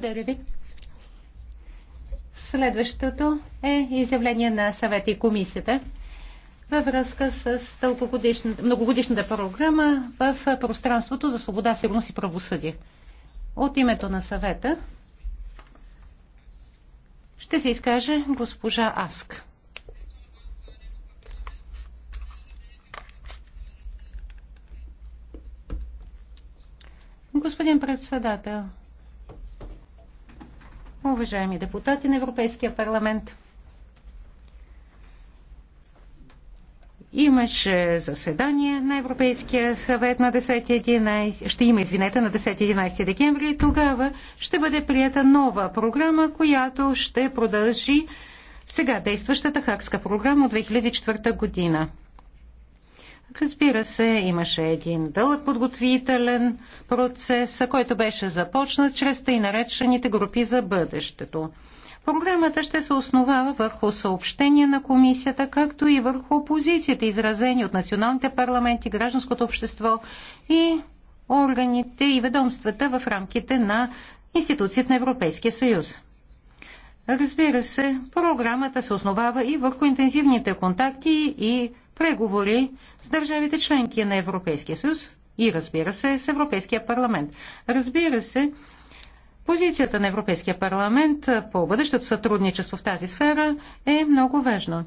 Благодаря ви. Следващото е изявление на съвета и комисията във връзка с многогодишната програма в пространството за свобода, сигурност и правосъдие. От името на съвета ще се изкаже госпожа Аск. Господин председател, уважаеми депутати на Европейския парламент. Имаше заседание на Европейския съвет на 10-11, ще има, извинете, на 10-11 декември и тогава ще бъде прията нова програма, която ще продължи сега действащата хакска програма от 2004 година. Разбира се, имаше един дълъг подготвителен процес, който беше започнат чрез тъй наречените групи за бъдещето. Програмата ще се основава върху съобщения на комисията, както и върху позицията, изразени от националните парламенти, гражданското общество и органите и ведомствата в рамките на институциите на Европейския съюз. Разбира се, програмата се основава и върху интензивните контакти и преговори с държавите членки на Европейския съюз и разбира се с Европейския парламент. Разбира се, позицията на Европейския парламент по бъдещето сътрудничество в тази сфера е много важно.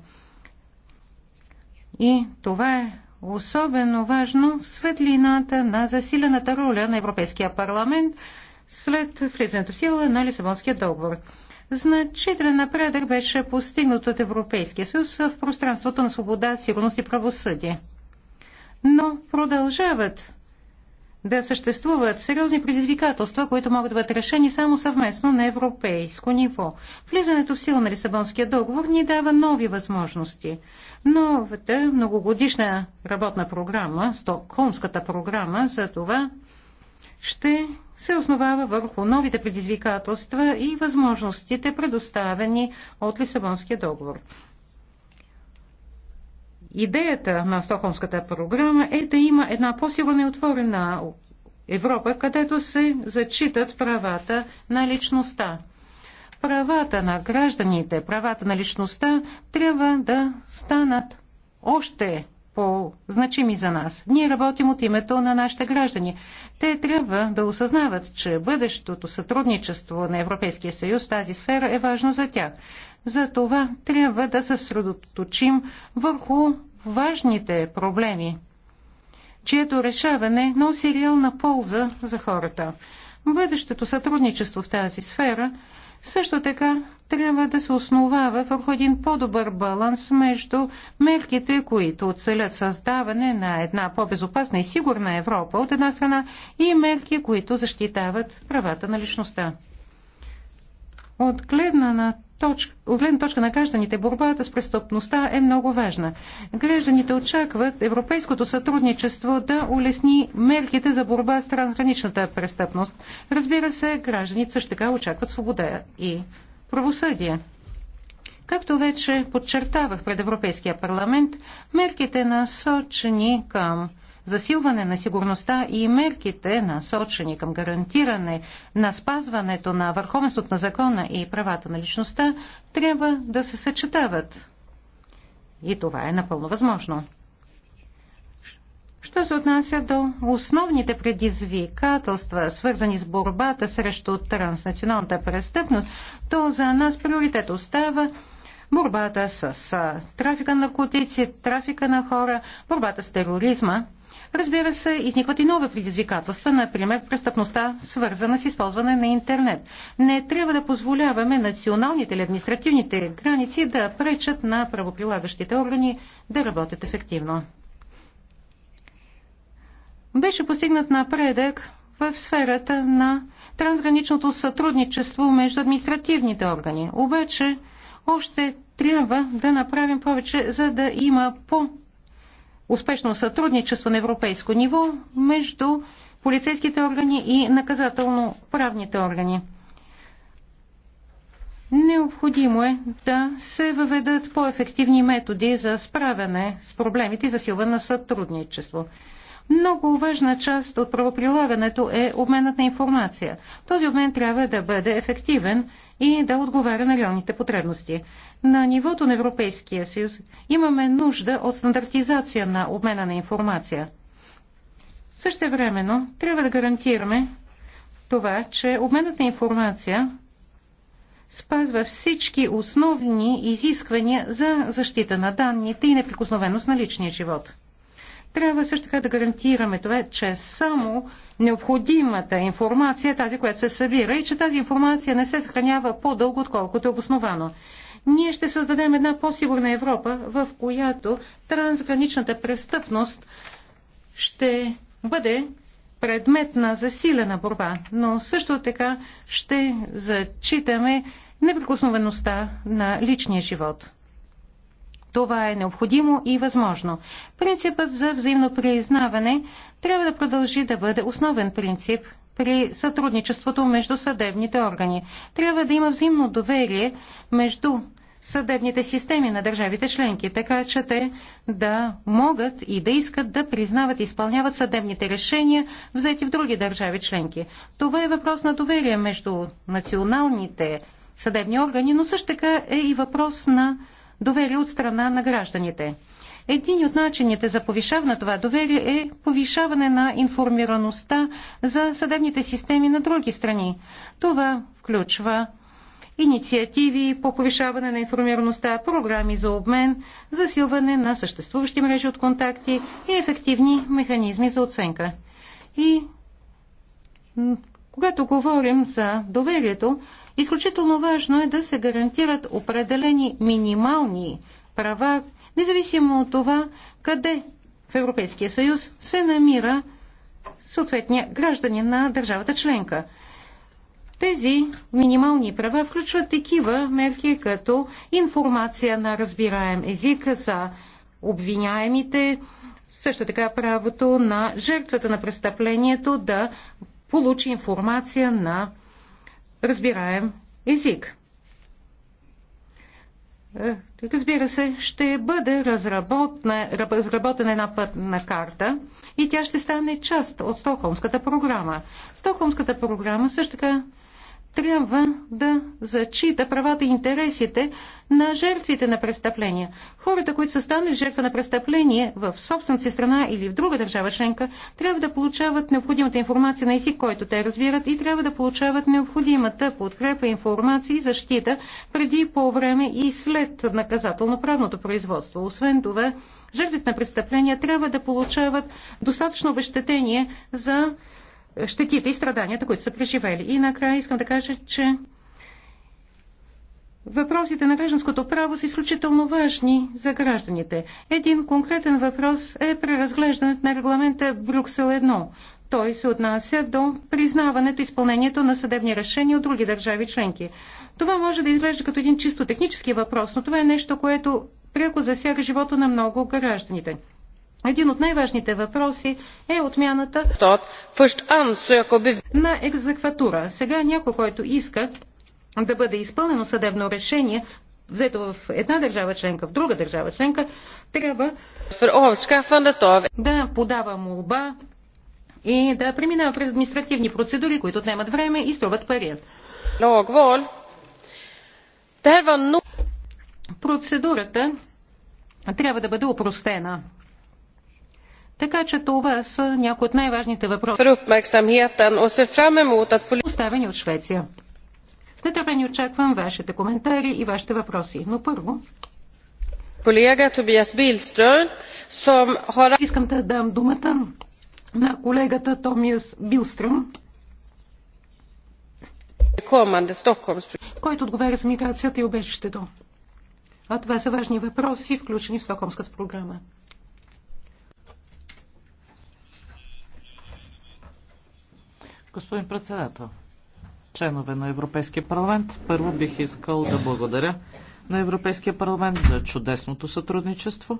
И това е особено важно в светлината на засилената роля на Европейския парламент след влизането в сила на Лисабонския договор. Значителен напредък беше постигнат от Европейския съюз в пространството на свобода, сигурност и правосъдие. Но продължават да съществуват сериозни предизвикателства, които могат да бъдат решени само съвместно на европейско ниво. Влизането в сила на Лисабонския договор ни дава нови възможности. Новата многогодишна работна програма, Стокхолмската програма за това ще се основава върху новите предизвикателства и възможностите, предоставени от Лисабонския договор. Идеята на Стокхолмската програма е да има една по-силна и отворена Европа, където се зачитат правата на личността. Правата на гражданите, правата на личността трябва да станат още по-значими за нас. Ние работим от името на нашите граждани. Те трябва да осъзнават, че бъдещото сътрудничество на Европейския съюз в тази сфера е важно за тях. За това трябва да се средоточим върху важните проблеми, чието решаване носи реална полза за хората. Бъдещето сътрудничество в тази сфера също така трябва да се основава върху един по-добър баланс между мерките, които целят създаване на една по-безопасна и сигурна Европа от една страна и мерки, които защитават правата на личността. От гледна на точка, от гледна точка на гражданите, борбата с престъпността е много важна. Гражданите очакват европейското сътрудничество да улесни мерките за борба с трансграничната престъпност. Разбира се, гражданите също така очакват свобода и правосъдие. Както вече подчертавах пред Европейския парламент, мерките насочени към засилване на сигурността и мерките насочени към гарантиране на спазването на върховенството на закона и правата на личността трябва да се съчетават. И това е напълно възможно. Що се отнася до основните предизвикателства, свързани с борбата срещу транснационалната престъпност, то за нас приоритет остава борбата с трафика на наркотици, трафика на хора, борбата с тероризма. Разбира се, изникват и нови предизвикателства, например престъпността, свързана с използване на интернет. Не трябва да позволяваме националните или административните граници да пречат на правоприлагащите органи да работят ефективно. Беше постигнат напредък в сферата на трансграничното сътрудничество между административните органи. Обаче още трябва да направим повече, за да има по успешно сътрудничество на европейско ниво между полицейските органи и наказателно-правните органи. Необходимо е да се въведат по-ефективни методи за справяне с проблемите и засилване на сътрудничество. Много важна част от правоприлагането е обменът на информация. Този обмен трябва да бъде ефективен и да отговаря на реалните потребности. На нивото на Европейския съюз имаме нужда от стандартизация на обмена на информация. Също времено трябва да гарантираме това, че обменът на информация спазва всички основни изисквания за защита на данните и неприкосновеност на личния живот. Трябва също така да гарантираме това, че само необходимата информация, е тази, която се събира, и че тази информация не се съхранява по-дълго, отколкото е обосновано. Ние ще създадем една по-сигурна Европа, в която трансграничната престъпност ще бъде предмет на засилена борба, но също така ще зачитаме неприкосновеността на личния живот. Това е необходимо и възможно. Принципът за взаимно признаване трябва да продължи да бъде основен принцип при сътрудничеството между съдебните органи. Трябва да има взаимно доверие между съдебните системи на държавите членки, така че те да могат и да искат да признават и изпълняват съдебните решения, взети в други държави членки. Това е въпрос на доверие между националните съдебни органи, но също така е и въпрос на доверие от страна на гражданите. Един от начините за повишаване на това доверие е повишаване на информираността за съдебните системи на други страни. Това включва инициативи по повишаване на информираността, програми за обмен, засилване на съществуващи мрежи от контакти и ефективни механизми за оценка. И когато говорим за доверието, Изключително важно е да се гарантират определени минимални права, независимо от това къде в Европейския съюз се намира съответния гражданин на държавата членка. Тези минимални права включват такива мерки като информация на разбираем език за обвиняемите, също така правото на жертвата на престъплението да получи информация на разбираем език. Е, разбира се, ще бъде разработена една пътна карта и тя ще стане част от Стокхолмската програма. Стокхолмската програма също така трябва да зачита правата и интересите на жертвите на престъпления. Хората, които са станали жертва на престъпление в собствената си страна или в друга държава членка, трябва да получават необходимата информация на език, който те разбират и трябва да получават необходимата подкрепа, информация и защита преди, по време и след наказателно-правното производство. Освен това, жертвите на престъпления трябва да получават достатъчно обещетение за щетите и страданията, които са преживели. И накрая искам да кажа, че Въпросите на гражданското право са изключително важни за гражданите. Един конкретен въпрос е преразглеждането на регламента Брюксел 1. Той се отнася до признаването и изпълнението на съдебни решения от други държави членки. Това може да изглежда като един чисто технически въпрос, но това е нещо, което пряко засяга живота на много гражданите. Един от най-важните въпроси е отмяната на екзекватура. Сега някой, който иска да бъде изпълнено съдебно решение, взето в една държава членка, в друга държава членка, трябва да подава молба и да преминава през административни процедури, които отнемат време и струват пари. Процедурата трябва да бъде упростена. Така че това са някои от най-важните въпроси, поставени от Швеция. С нетърпение очаквам вашите коментари и вашите въпроси. Но първо... Колега Тобиас Билстрън, som har... Искам да дам думата на колегата Томиас Билстрън, който отговаря за миграцията и убежището. А това са важни въпроси, включени в Стокхолмската програма. Господин председател, членове на Европейския парламент, първо бих искал да благодаря на Европейския парламент за чудесното сътрудничество.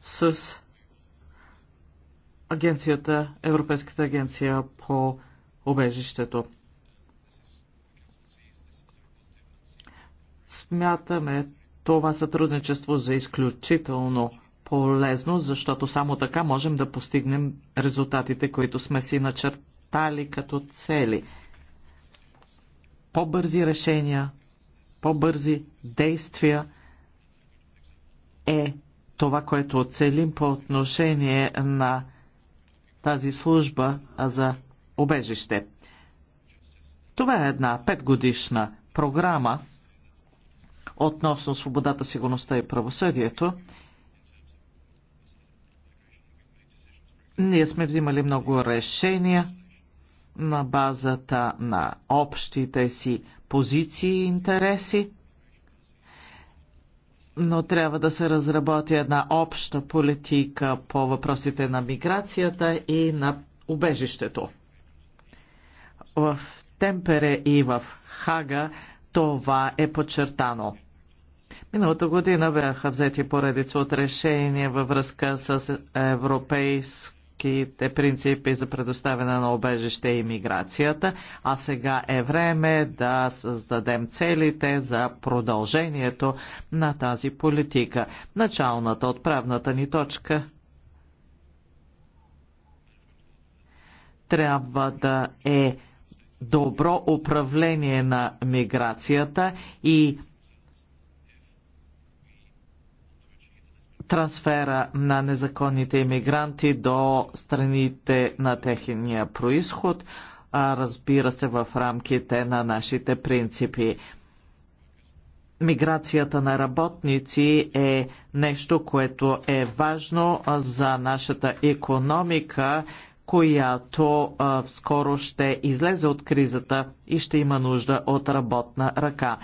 с агенцията, Европейската агенция по обежището. Смятаме това сътрудничество за изключително полезно, защото само така можем да постигнем резултатите, които сме си начертали като цели. По-бързи решения, по-бързи действия е това, което целим по отношение на тази служба за обежище. Това е една петгодишна програма относно свободата, сигурността и правосъдието Ние сме взимали много решения на базата на общите си позиции и интереси, но трябва да се разработи една обща политика по въпросите на миграцията и на убежището. В Темпере и в Хага това е подчертано. Миналата година бяха взети поредица от решения във връзка с европейско българските принципи за предоставяне на обежище и миграцията, а сега е време да създадем целите за продължението на тази политика. Началната отправната ни точка трябва да е добро управление на миграцията и трансфера на незаконните иммигранти до страните на техния происход, а разбира се в рамките на нашите принципи. Миграцията на работници е нещо, което е важно за нашата економика, която а, скоро ще излезе от кризата и ще има нужда от работна ръка.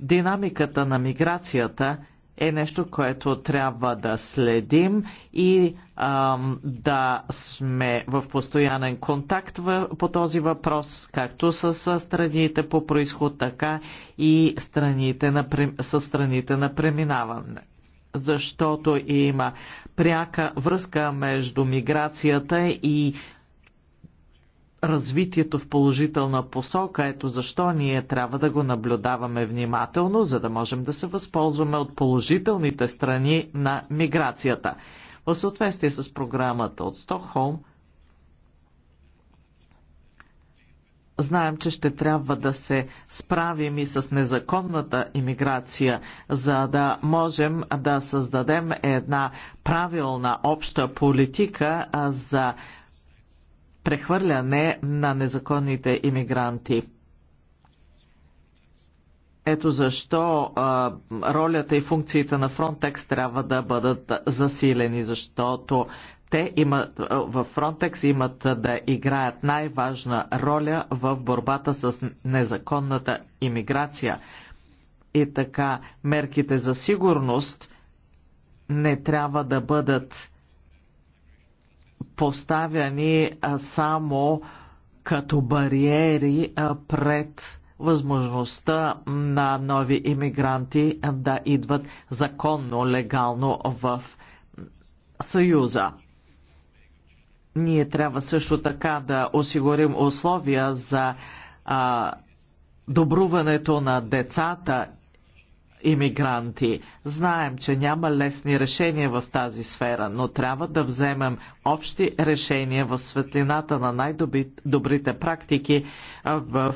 Динамиката на миграцията е нещо, което трябва да следим и ам, да сме в постоянен контакт в, по този въпрос, както с, с страните по происход, така и страните на, с страните на преминаване. Защото има пряка връзка между миграцията и развитието в положителна посока. Ето защо ние трябва да го наблюдаваме внимателно, за да можем да се възползваме от положителните страни на миграцията. В съответствие с програмата от Стокхолм, знаем, че ще трябва да се справим и с незаконната иммиграция, за да можем да създадем една правилна обща политика за прехвърляне на незаконните иммигранти. Ето защо а, ролята и функциите на Frontex трябва да бъдат засилени, защото те имат, в Frontex имат да играят най-важна роля в борбата с незаконната иммиграция. И така мерките за сигурност не трябва да бъдат поставяни само като бариери пред възможността на нови иммигранти да идват законно, легално в Съюза. Ние трябва също така да осигурим условия за а, добруването на децата иммигранти. Знаем, че няма лесни решения в тази сфера, но трябва да вземем общи решения в светлината на най-добрите практики в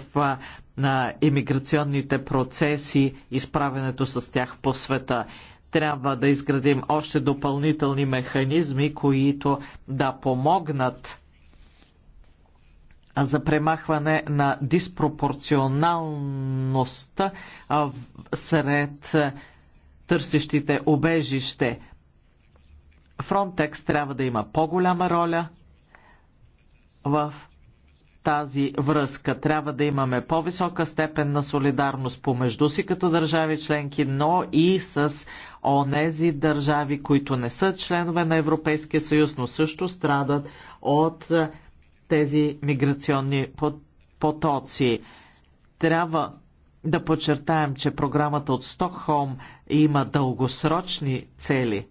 на иммиграционните процеси и справенето с тях по света. Трябва да изградим още допълнителни механизми, които да помогнат за премахване на диспропорционалността сред търсещите обежище. Фронтекс трябва да има по-голяма роля в тази връзка. Трябва да имаме по-висока степен на солидарност помежду си като държави членки, но и с онези държави, които не са членове на Европейския съюз, но също страдат от тези миграционни потоци. Трябва да подчертаем, че програмата от Стокхолм има дългосрочни цели.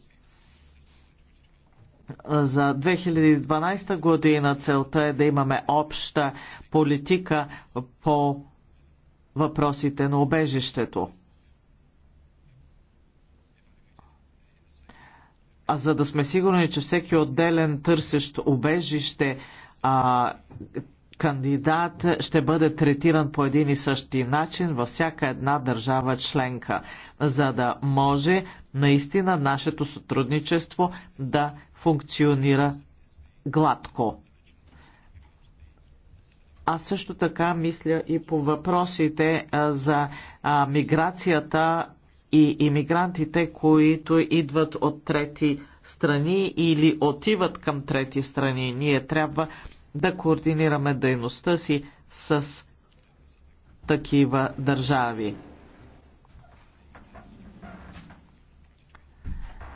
За 2012 година целта е да имаме обща политика по въпросите на обежището. А за да сме сигурни, че всеки отделен търсещ обежище а, кандидат ще бъде третиран по един и същи начин във всяка една държава членка, за да може наистина нашето сътрудничество да функционира гладко. А също така мисля и по въпросите за миграцията и иммигрантите, които идват от трети страни или отиват към трети страни. Ние трябва да координираме дейността си с такива държави.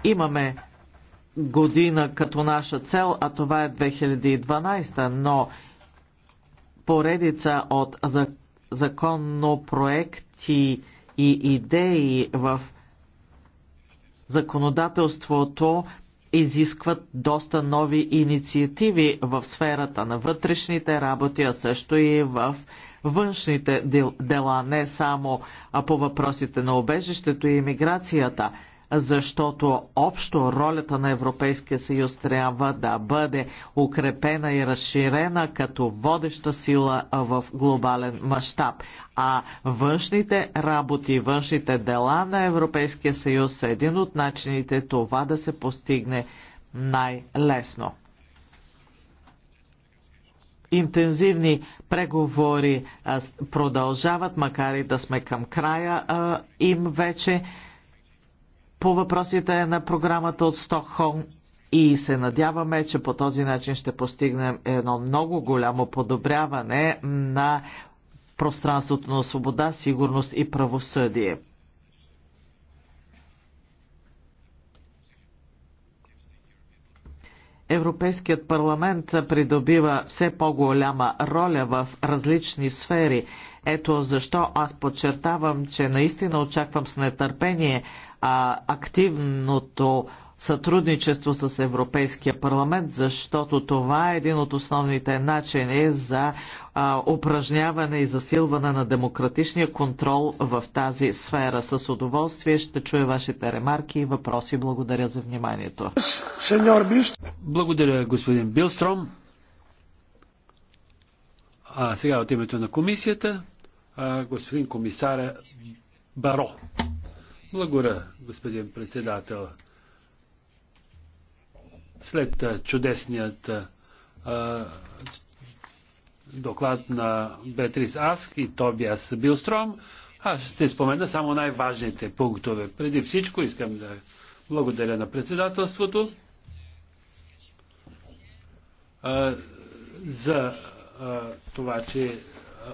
Имаме година като наша цел, а това е 2012, но поредица от законопроекти и идеи в законодателството изискват доста нови инициативи в сферата на вътрешните работи, а също и в външните дела, не само по въпросите на обежището и иммиграцията защото общо ролята на Европейския съюз трябва да бъде укрепена и разширена като водеща сила в глобален мащаб. А външните работи, външните дела на Европейския съюз са един от начините това да се постигне най-лесно. Интензивни преговори продължават, макар и да сме към края им вече по въпросите на програмата от Стокхолм и се надяваме, че по този начин ще постигнем едно много голямо подобряване на пространството на свобода, сигурност и правосъдие. Европейският парламент придобива все по-голяма роля в различни сфери. Ето защо аз подчертавам, че наистина очаквам с нетърпение а, активното сътрудничество с Европейския парламент, защото това е един от основните начини за а, упражняване и засилване на демократичния контрол в тази сфера. С удоволствие ще чуя вашите ремарки и въпроси. Благодаря за вниманието. Благодаря, господин Билстром. А сега от името на комисията, а, господин комисаря Баро. Благодаря, господин председател. След чудесният а, доклад на Бетрис Аск и Тобиас Билстром, аз ще спомена само най-важните пунктове. Преди всичко искам да благодаря на председателството а, за а, това, че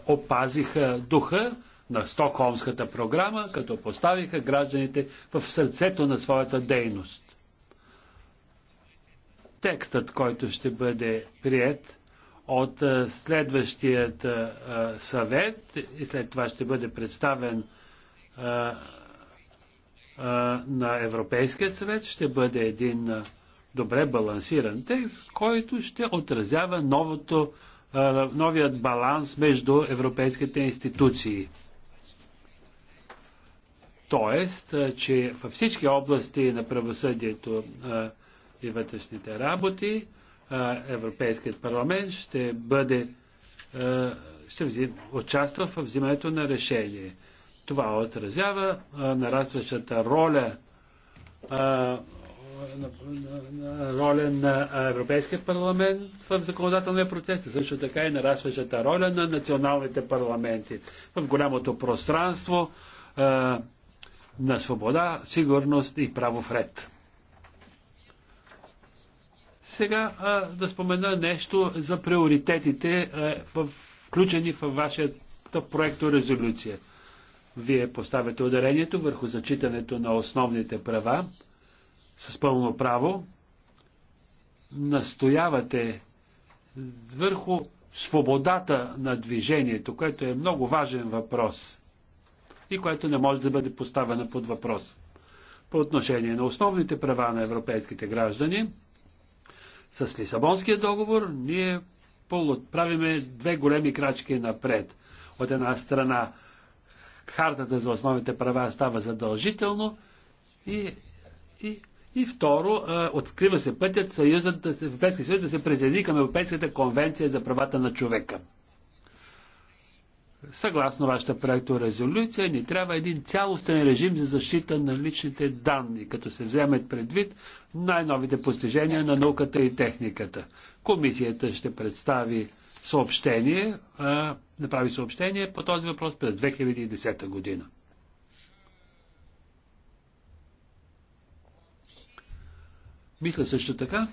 опазиха духа на Стокхолмската програма, като поставиха гражданите в сърцето на своята дейност. Текстът, който ще бъде прият от следващият съвет и след това ще бъде представен на Европейския съвет, ще бъде един добре балансиран текст, който ще отразява новото новият баланс между европейските институции. Тоест, че във всички области на правосъдието и вътрешните работи Европейският парламент ще бъде ще участва в взимането на решение. Това отразява нарастващата роля роля на Европейския парламент в законодателния процес, също така и нарастващата роля на националните парламенти в голямото пространство на свобода, сигурност и правов ред. Сега а, да спомена нещо за приоритетите, а, в, включени в вашата проекто резолюция. Вие поставяте ударението върху зачитането на основните права с пълно право. Настоявате върху свободата на движението, което е много важен въпрос и което не може да бъде поставена под въпрос. По отношение на основните права на европейските граждани, с Лисабонския договор ние правиме две големи крачки напред. От една страна, хартата за основните права става задължително и, и, и второ, открива се пътят Съюзът, Европейския съюз да се присъедини към Европейската конвенция за правата на човека. Съгласно вашата проекта резолюция, ни трябва един цялостен режим за защита на личните данни, като се вземат предвид най-новите постижения на науката и техниката. Комисията ще представи съобщение, а, направи съобщение по този въпрос през 2010 година. Мисля също така,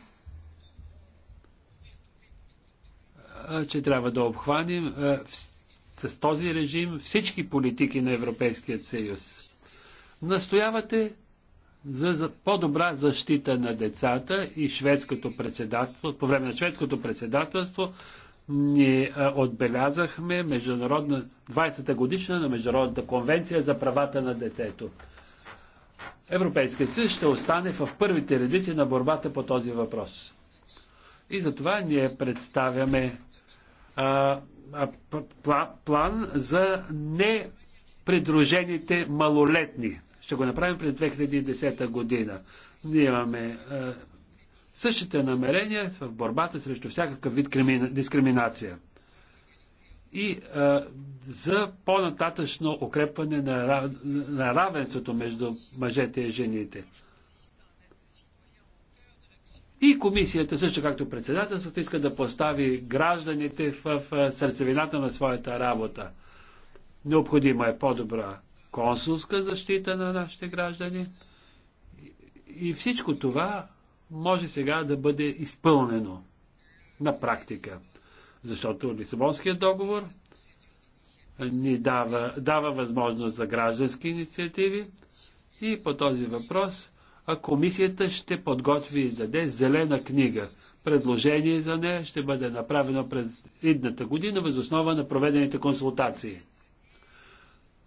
че трябва да в с този режим всички политики на Европейския съюз. Настоявате за по-добра защита на децата и шведското председателство. По време на шведското председателство ни е, отбелязахме международна, 20-та годишна на Международната конвенция за правата на детето. Европейският съюз ще остане в първите редици на борбата по този въпрос. И затова ние представяме а, план за непридружените малолетни. Ще го направим през 2010 година. Ние имаме същите намерения в борбата срещу всякакъв вид дискриминация и а, за по-нататъчно укрепване на, на равенството между мъжете и жените. И комисията, също както председателството, иска да постави гражданите в сърцевината на своята работа. Необходима е по-добра консулска защита на нашите граждани. И всичко това може сега да бъде изпълнено на практика. Защото Лисабонският договор ни дава, дава възможност за граждански инициативи и по този въпрос а комисията ще подготви и даде зелена книга. Предложение за нея ще бъде направено през идната година възоснова на проведените консултации.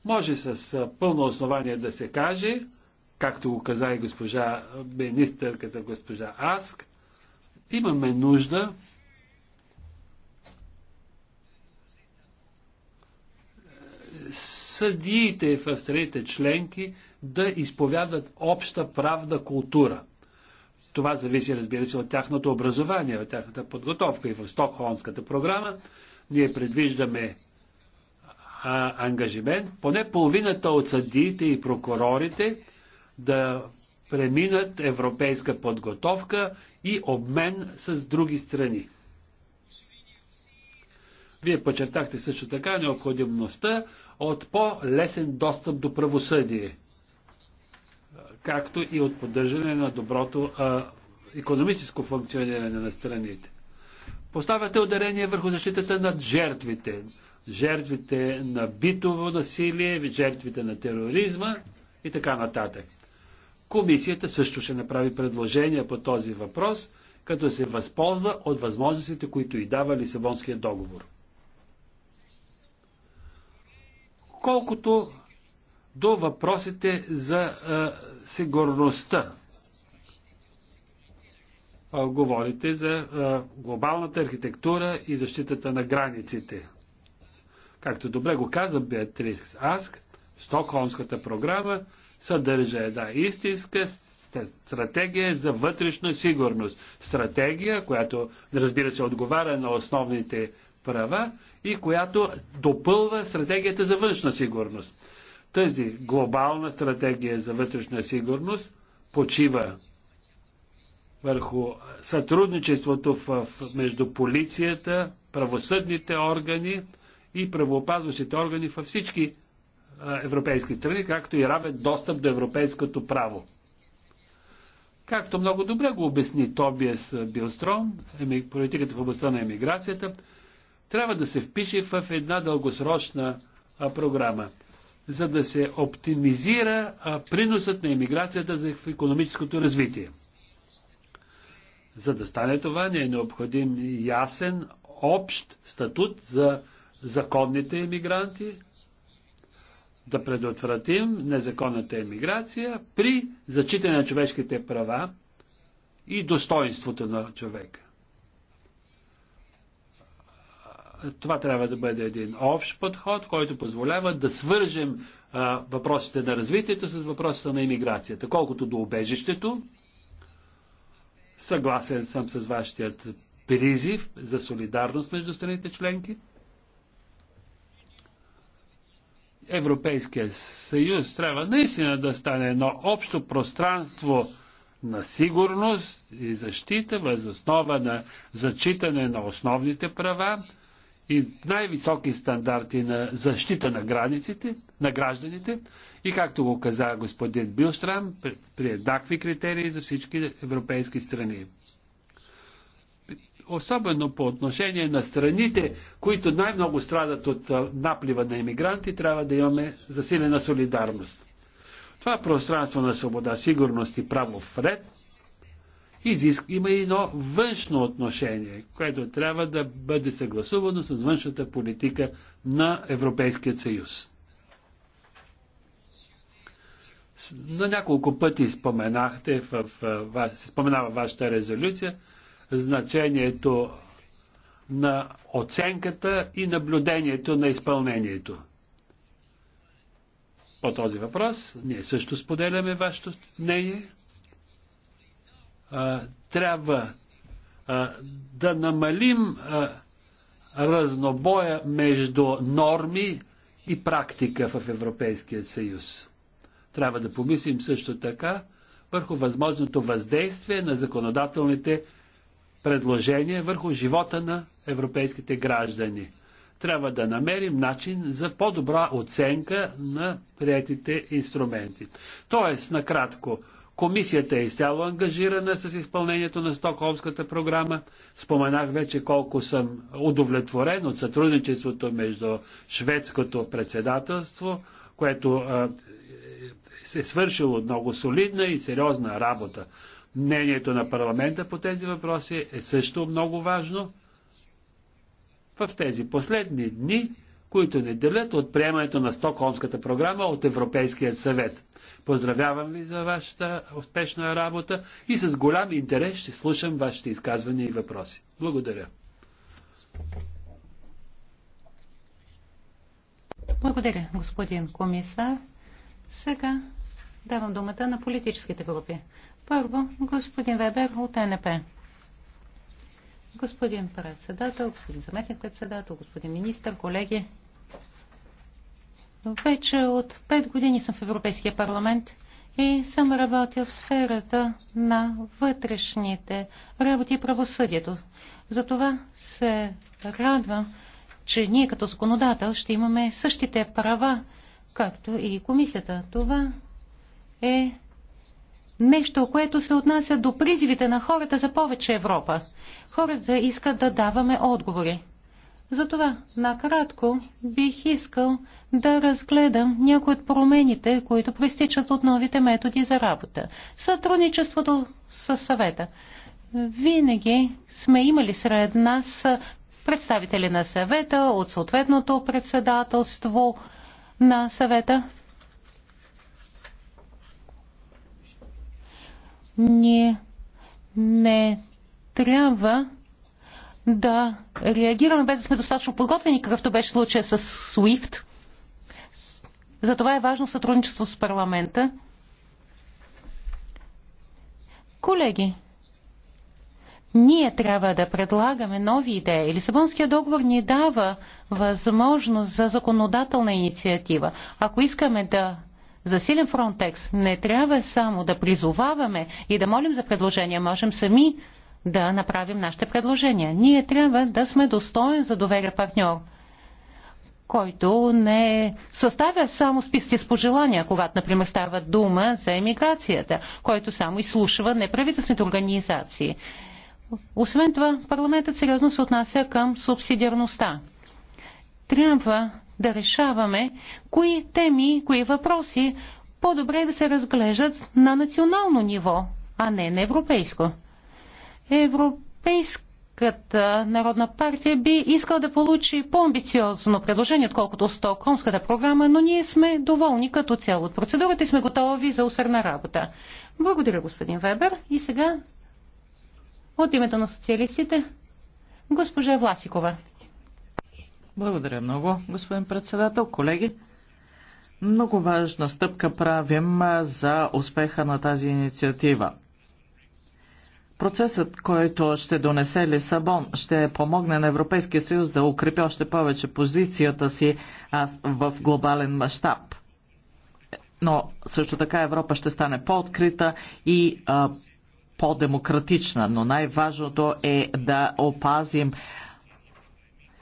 Може с пълно основание да се каже, както го каза и госпожа министърката госпожа Аск, имаме нужда съдиите в страните членки да изповядат обща правда култура. Това зависи, разбира се, от тяхното образование, от тяхната подготовка. И в Стокхолмската програма ние предвиждаме а, ангажимент поне половината от съдиите и прокурорите да преминат европейска подготовка и обмен с други страни. Вие подчертахте също така необходимостта от по-лесен достъп до правосъдие както и от поддържане на доброто а, економическо функциониране на страните. Поставяте ударение върху защитата над жертвите. Жертвите на битово насилие, жертвите на тероризма и така нататък. Комисията също ще направи предложения по този въпрос, като се възползва от възможностите, които и дава Лисабонския договор. Колкото до въпросите за а, сигурността. А, говорите за а, глобалната архитектура и защитата на границите. Както добре го каза Беатрис Аск, Стокхолмската програма съдържа една истинска стратегия за вътрешна сигурност. Стратегия, която, разбира се, отговаря на основните права и която допълва стратегията за външна сигурност. Тази глобална стратегия за вътрешна сигурност почива върху сътрудничеството в, между полицията, правосъдните органи и правоопазващите органи във всички европейски страни, както и равен достъп до европейското право. Както много добре го обясни Тобиас Билстром, политиката в областта на емиграцията, трябва да се впише в една дългосрочна програма за да се оптимизира приносът на емиграцията за економическото развитие. За да стане това, не е необходим ясен, общ статут за законните иммигранти, да предотвратим незаконната емиграция при зачитане на човешките права и достоинството на човека. това трябва да бъде един общ подход, който позволява да свържем а, въпросите на развитието с въпросите на иммиграцията. Колкото до обежището, съгласен съм с вашият призив за солидарност между страните членки. Европейския съюз трябва наистина да стане едно общо пространство на сигурност и защита въз основа на зачитане на основните права, и най-високи стандарти на защита на границите, на гражданите и както го каза господин Билштрам, при еднакви критерии за всички европейски страни. Особено по отношение на страните, които най-много страдат от наплива на иммигранти, трябва да имаме засилена солидарност. Това пространство на свобода, сигурност и правов ред изиск... има и едно външно отношение, което трябва да бъде съгласувано с външната политика на Европейския съюз. На няколко пъти споменахте в, в, споменава вашата резолюция значението на оценката и наблюдението на изпълнението. По този въпрос ние също споделяме вашето мнение а, трябва а, да намалим а, разнобоя между норми и практика в Европейския съюз. Трябва да помислим също така върху възможното въздействие на законодателните предложения върху живота на европейските граждани. Трябва да намерим начин за по-добра оценка на приятите инструменти. Тоест, накратко, Комисията е изцяло ангажирана с изпълнението на Стокхолмската програма. Споменах вече колко съм удовлетворен от сътрудничеството между шведското председателство, което се е свършило много солидна и сериозна работа. Мнението на парламента по тези въпроси е също много важно. В тези последни дни които не делят от приемането на Стокхолмската програма от Европейския съвет. Поздравявам ви за вашата успешна работа и с голям интерес ще слушам вашите изказвания и въпроси. Благодаря. Благодаря, господин комисар. Сега давам думата на политическите групи. Първо, господин Вебер от НП. Господин председател, господин заместник председател, господин министр, колеги. Вече от 5 години съм в Европейския парламент и съм работил в сферата на вътрешните работи и правосъдието. Затова се радвам, че ние като законодател ще имаме същите права, както и комисията. Това е Нещо, което се отнася до призивите на хората за повече Европа. Хората искат да даваме отговори. Затова, накратко, бих искал да разгледам някои от промените, които проистичат от новите методи за работа. Сътрудничеството с съвета. Винаги сме имали сред нас представители на съвета, от съответното председателство на съвета. Ние не трябва да реагираме без да сме достатъчно подготвени, какъвто беше случая с SWIFT. Затова е важно сътрудничество с парламента. Колеги, ние трябва да предлагаме нови идеи. Лисабонския договор ни дава възможност за законодателна инициатива. Ако искаме да Силен Фронтекс, не трябва само да призоваваме и да молим за предложения. Можем сами да направим нашите предложения. Ние трябва да сме достоен за доверие партньор, който не съставя само списъци с пожелания, когато, например, става дума за емиграцията, който само изслушва неправителствените организации. Освен това, парламентът сериозно се отнася към субсидиарността. Трябва да решаваме кои теми, кои въпроси по-добре да се разглеждат на национално ниво, а не на европейско. Европейската народна партия би искала да получи по-амбициозно предложение, отколкото Стокхолмската програма, но ние сме доволни като цяло от процедурата и сме готови за усърна работа. Благодаря, господин Вебер. И сега от името на социалистите госпожа Власикова. Благодаря много, господин председател. Колеги, много важна стъпка правим за успеха на тази инициатива. Процесът, който ще донесе Лисабон, ще помогне на Европейския съюз да укрепи още повече позицията си в глобален мащаб. Но също така Европа ще стане по-открита и по-демократична. Но най-важното е да опазим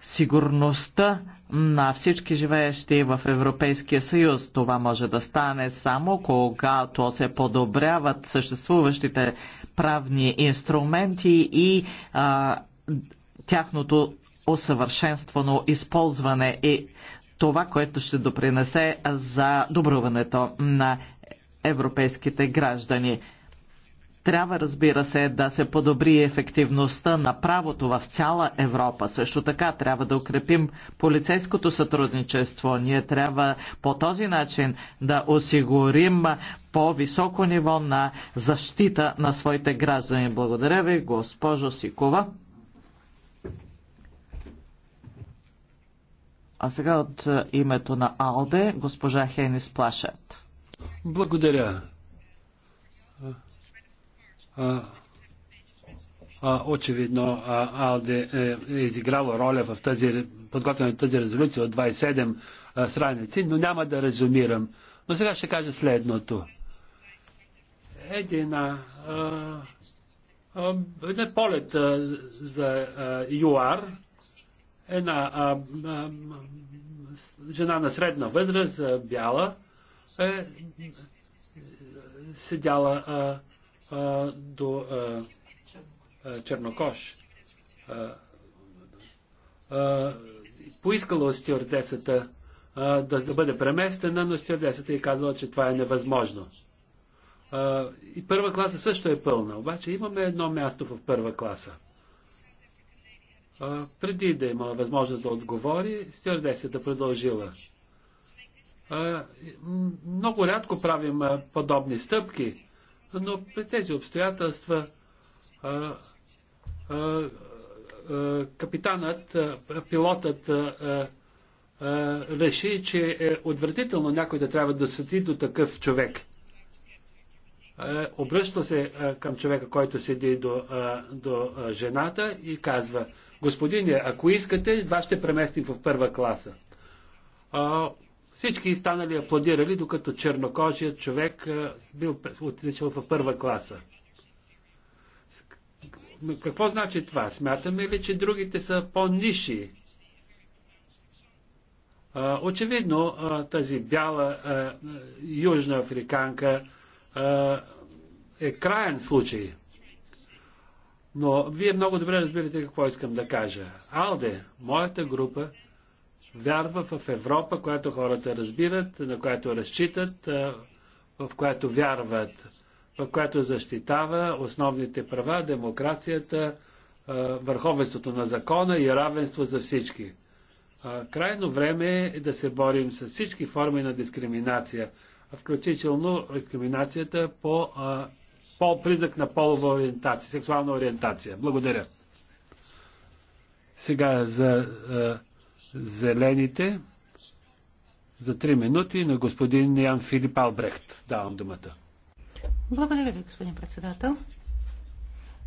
сигурността на всички живеещи в Европейския съюз. Това може да стане само когато се подобряват съществуващите правни инструменти и а, тяхното усъвършенствано използване и това, което ще допринесе за добруването на европейските граждани. Трябва, разбира се, да се подобри ефективността на правото в цяла Европа. Също така трябва да укрепим полицейското сътрудничество. Ние трябва по този начин да осигурим по-високо ниво на защита на своите граждани. Благодаря ви, госпожо Сикова. А сега от името на АЛДЕ, госпожа Хенис Плашет. Благодаря, а, а, очевидно а, АЛДЕ е, е изиграло роля в тази, подготвяне на тази резолюция от 27 а, страници, но няма да резюмирам. Но сега ще кажа следното. Един една полет а, за а, ЮАР, една а, а, жена на средна възраст, а, бяла, е, седяла а, а, до а, а, Чернокош. А, а, поискала от стюардесата а, да, да бъде преместена, но стюардесата е казала, че това е невъзможно. А, и първа класа също е пълна, обаче имаме едно място в първа класа. А, преди да има възможност да отговори, стюардесата продължила. А, много рядко правим подобни стъпки, но при тези обстоятелства а, а, а, капитанът, пилотът реши, че е отвратително някой да трябва да седи до такъв човек. Обръща се към човека, който седи до, до жената и казва, господине, ако искате, вас ще преместим в първа класа. Всички станали аплодирали, докато чернокожият човек бил отличал в първа класа. Какво значи това? Смятаме ли, че другите са по-ниши? Очевидно, тази бяла южна африканка е краен случай. Но вие много добре разбирате какво искам да кажа. Алде, моята група вярва в Европа, която хората разбират, на която разчитат, в която вярват, в която защитава основните права, демокрацията, върховенството на закона и равенство за всички. Крайно време е да се борим с всички форми на дискриминация, включително дискриминацията по, по признак на полова ориентация, сексуална ориентация. Благодаря. Сега за зелените за 3 минути на господин Ян Филип Албрехт. Давам думата. Благодаря ви, господин председател.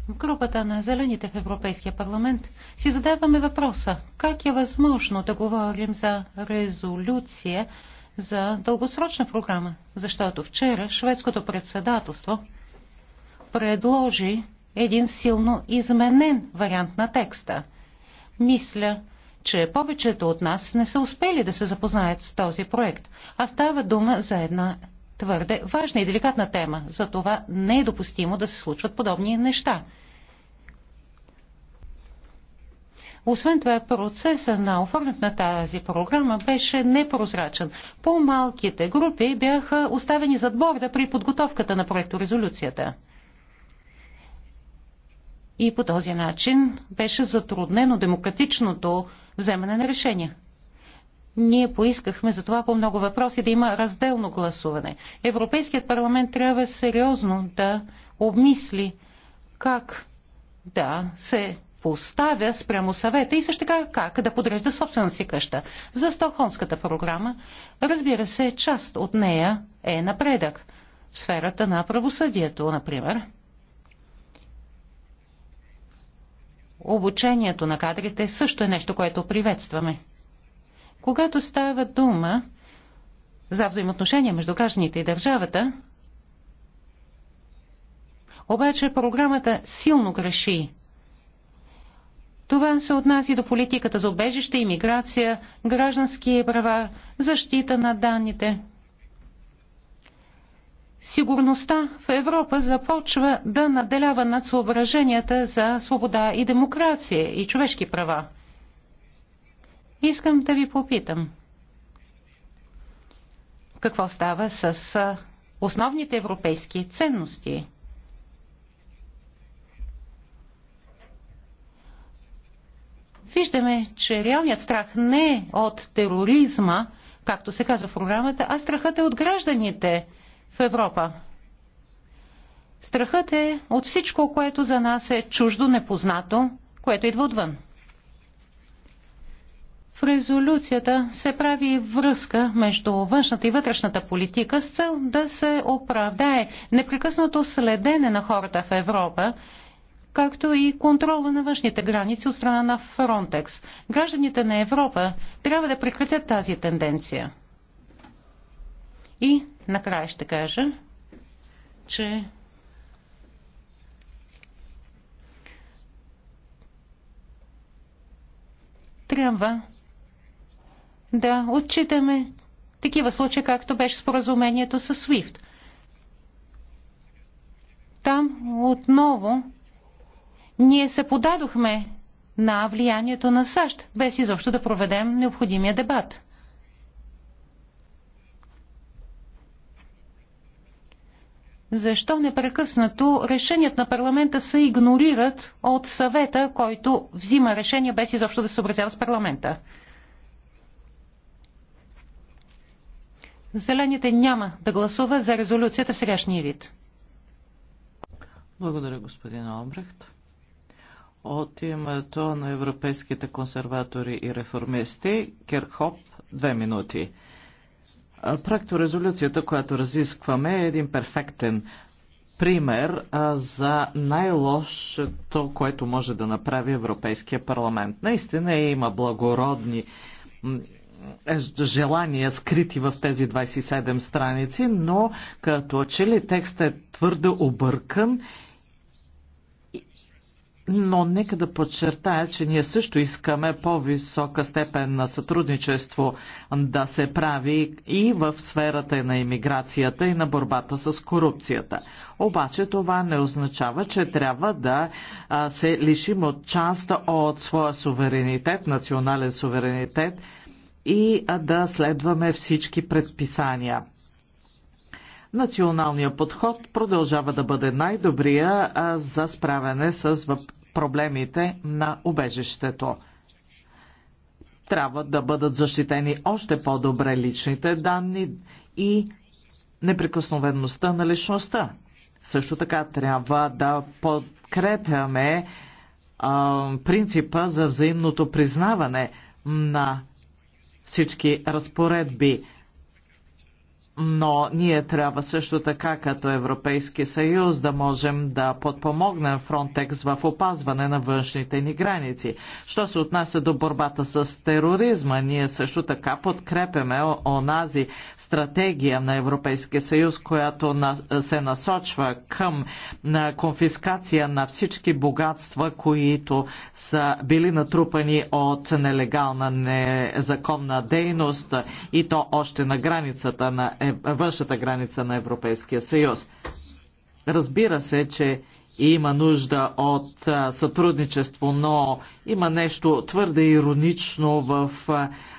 В групата на зелените в Европейския парламент си задаваме въпроса как е възможно да говорим за резолюция за дългосрочна програма, защото вчера шведското председателство предложи един силно изменен вариант на текста. Мисля, че повечето от нас не са успели да се запознаят с този проект, а става дума за една твърде важна и деликатна тема. За това не е допустимо да се случват подобни неща. Освен това, процеса на оформят на тази програма беше непрозрачен. По-малките групи бяха оставени зад борда при подготовката на проекторезолюцията. И по този начин беше затруднено демократичното вземане на решения. Ние поискахме за това по много въпроси да има разделно гласуване. Европейският парламент трябва сериозно да обмисли как да се поставя спрямо съвета и също така как да подрежда собствената си къща. За Стокхолмската програма, разбира се, част от нея е напредък в сферата на правосъдието, например. обучението на кадрите също е нещо, което приветстваме. Когато става дума за взаимоотношения между гражданите и държавата, обаче програмата силно греши. Това се отнася до политиката за обежище, иммиграция, граждански права, защита на данните – сигурността в Европа започва да наделява над съображенията за свобода и демокрация и човешки права. Искам да ви попитам. Какво става с основните европейски ценности? Виждаме, че реалният страх не е от тероризма, както се казва в програмата, а страхът е от гражданите – в Европа. Страхът е от всичко, което за нас е чуждо, непознато, което идва отвън. В резолюцията се прави връзка между външната и вътрешната политика с цел да се оправдае непрекъснато следене на хората в Европа, както и контрола на външните граници от страна на Фронтекс. Гражданите на Европа трябва да прекратят тази тенденция и Накрая ще кажа, че трябва да отчитаме такива случаи, както беше споразумението с SWIFT. Там отново ние се подадохме на влиянието на САЩ, без изобщо да проведем необходимия дебат. защо непрекъснато решеният на парламента се игнорират от съвета, който взима решение без изобщо да се съобразява с парламента. Зелените няма да гласуват за резолюцията в сегашния вид. Благодаря, господин Обрехт. От името на европейските консерватори и реформисти, Керхоп, две минути. Проекторезолюцията, която разискваме, е един перфектен пример а, за най-лошото, което може да направи Европейския парламент. Наистина има благородни е, желания скрити в тези 27 страници, но като че ли текстът е твърде объркан но нека да подчертая, че ние също искаме по-висока степен на сътрудничество да се прави и в сферата на иммиграцията и на борбата с корупцията. Обаче това не означава, че трябва да се лишим от част от своя суверенитет, национален суверенитет и да следваме всички предписания. Националният подход продължава да бъде най-добрия за справяне с въп проблемите на убежището. Трябва да бъдат защитени още по-добре личните данни и неприкосновеността на личността. Също така трябва да подкрепяме а, принципа за взаимното признаване на всички разпоредби но ние трябва също така като Европейски съюз да можем да подпомогнем Фронтекс в опазване на външните ни граници. Що се отнася до борбата с тероризма, ние също така подкрепяме онази стратегия на Европейския съюз, която се насочва към конфискация на всички богатства, които са били натрупани от нелегална незаконна дейност и то още на границата на е външната граница на Европейския съюз. Разбира се, че има нужда от а, сътрудничество, но има нещо твърде иронично в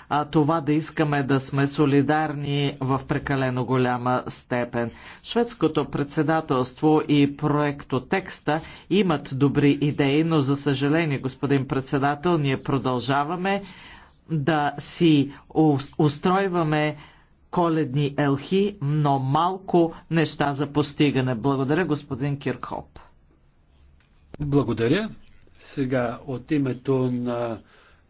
а, това да искаме да сме солидарни в прекалено голяма степен. Шведското председателство и проекто текста имат добри идеи, но за съжаление, господин председател, ние продължаваме да си устройваме коледни елхи, но малко неща за постигане. Благодаря, господин Киркоп. Благодаря. Сега от името на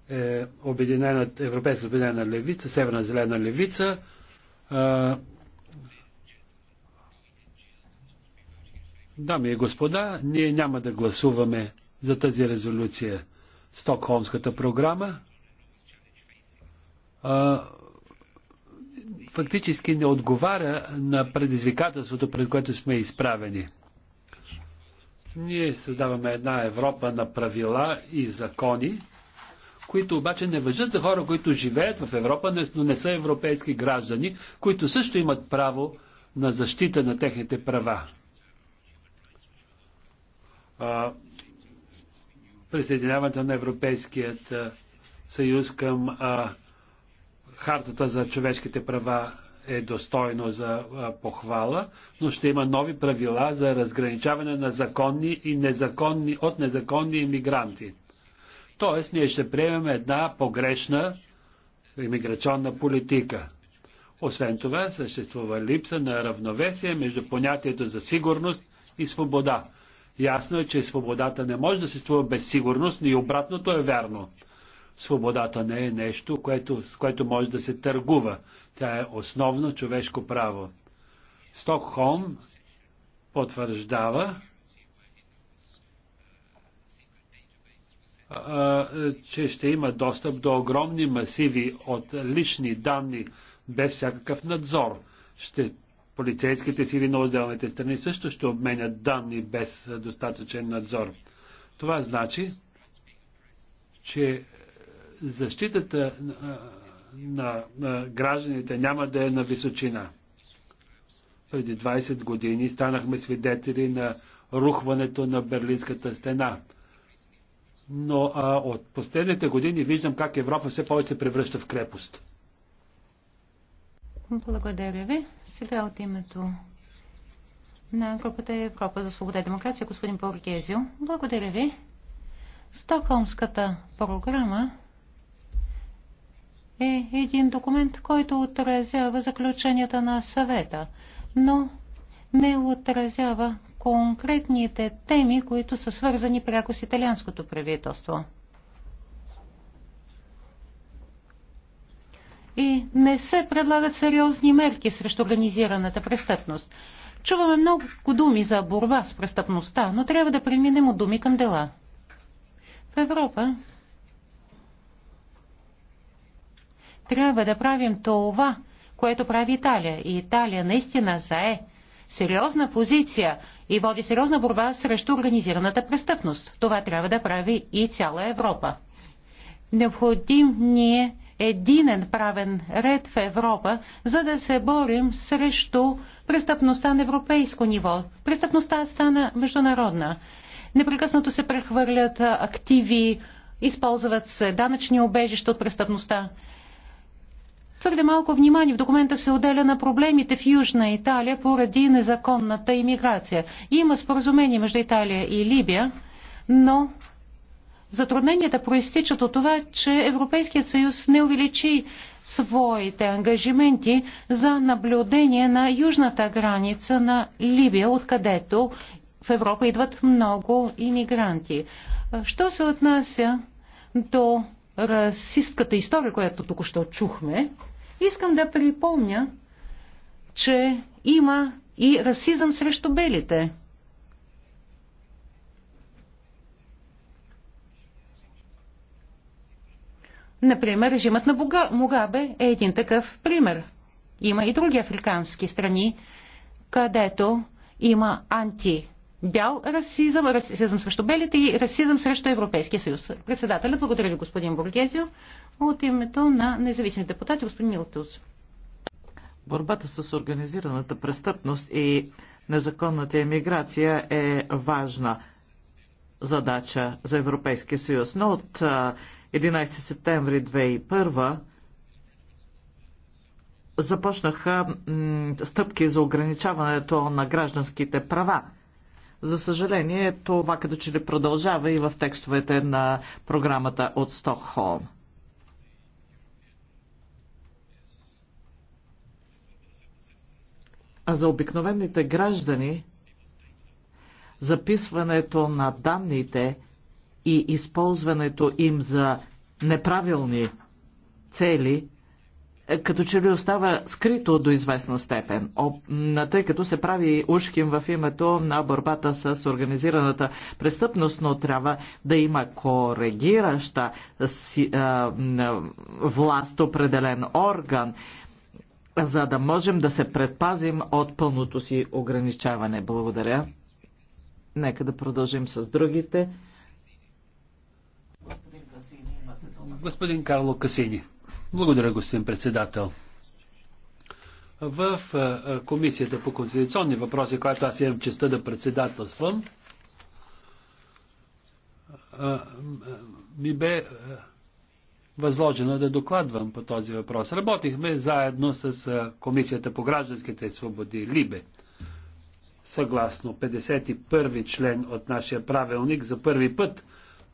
е, обединена, Европейска обединена левица, Северна зелена левица, е, Дами и господа, ние няма да гласуваме за тази резолюция. Стокхолмската програма а, е, фактически не отговаря на предизвикателството, пред което сме изправени. Ние създаваме една Европа на правила и закони, които обаче не въжат за хора, които живеят в Европа, но не са европейски граждани, които също имат право на защита на техните права. присъединяването на Европейският съюз към а, хартата за човешките права е достойно за похвала, но ще има нови правила за разграничаване на законни и незаконни, от незаконни иммигранти. Тоест, ние ще приемем една погрешна иммиграционна политика. Освен това, съществува липса на равновесие между понятието за сигурност и свобода. Ясно е, че свободата не може да се без сигурност, но и обратното е вярно. Свободата не е нещо, което, с което може да се търгува. Тя е основно човешко право. Стокхолм потвърждава, че ще има достъп до огромни масиви от лични данни без всякакъв надзор. Ще полицейските сили на отделните страни също ще обменят данни без достатъчен надзор. Това значи, че защитата на, на гражданите няма да е на височина. Преди 20 години станахме свидетели на рухването на Берлинската стена. Но а, от последните години виждам как Европа все повече се превръща в крепост. Благодаря ви. Сега от името на групата Европа за свобода и демокрация, господин Боргезио. Благодаря ви. Стокхолмската програма е един документ, който отразява заключенията на съвета, но не отразява конкретните теми, които са свързани пряко с италианското правителство. И не се предлагат сериозни мерки срещу организираната престъпност. Чуваме много думи за борба с престъпността, но трябва да преминем от думи към дела. В Европа трябва да правим това, което прави Италия. И Италия наистина зае сериозна позиция и води сериозна борба срещу организираната престъпност. Това трябва да прави и цяла Европа. Необходим ни е единен правен ред в Европа, за да се борим срещу престъпността на европейско ниво. Престъпността стана международна. Непрекъснато се прехвърлят активи, използват се данъчни обежища от престъпността. Твърде малко внимание в документа се отделя на проблемите в Южна Италия поради незаконната иммиграция. Има споразумение между Италия и Либия, но затрудненията проистичат от това, че Европейският съюз не увеличи своите ангажименти за наблюдение на южната граница на Либия, откъдето в Европа идват много иммигранти. Що се отнася до расистката история, която току-що чухме, Искам да припомня, че има и расизъм срещу белите. Например, режимът на Буга, Мугабе е един такъв пример. Има и други африкански страни, където има антибял расизъм, расизъм срещу белите и расизъм срещу Европейския съюз. Председателя, благодаря ви, господин Бургезио. От името на независими депутати, господин Милтус. Борбата с организираната престъпност и незаконната емиграция е важна задача за Европейския съюз. Но от 11 септември 2001 започнаха стъпки за ограничаването на гражданските права. За съжаление, това като че ли продължава и в текстовете на програмата от Стокхолм. А за обикновените граждани записването на данните и използването им за неправилни цели е, като че ли остава скрито до известна степен, тъй като се прави ушким в името на борбата с организираната престъпност, но трябва да има корегираща власт, определен орган, за да можем да се предпазим от пълното си ограничаване. Благодаря. Нека да продължим с другите. Господин Карло Касини. Благодаря, господин председател. В Комисията по конституционни въпроси, която аз имам честа да председателствам, ми бе възложено е да докладвам по този въпрос. Работихме заедно с Комисията по гражданските свободи Либе. Съгласно 51 член от нашия правилник, за първи път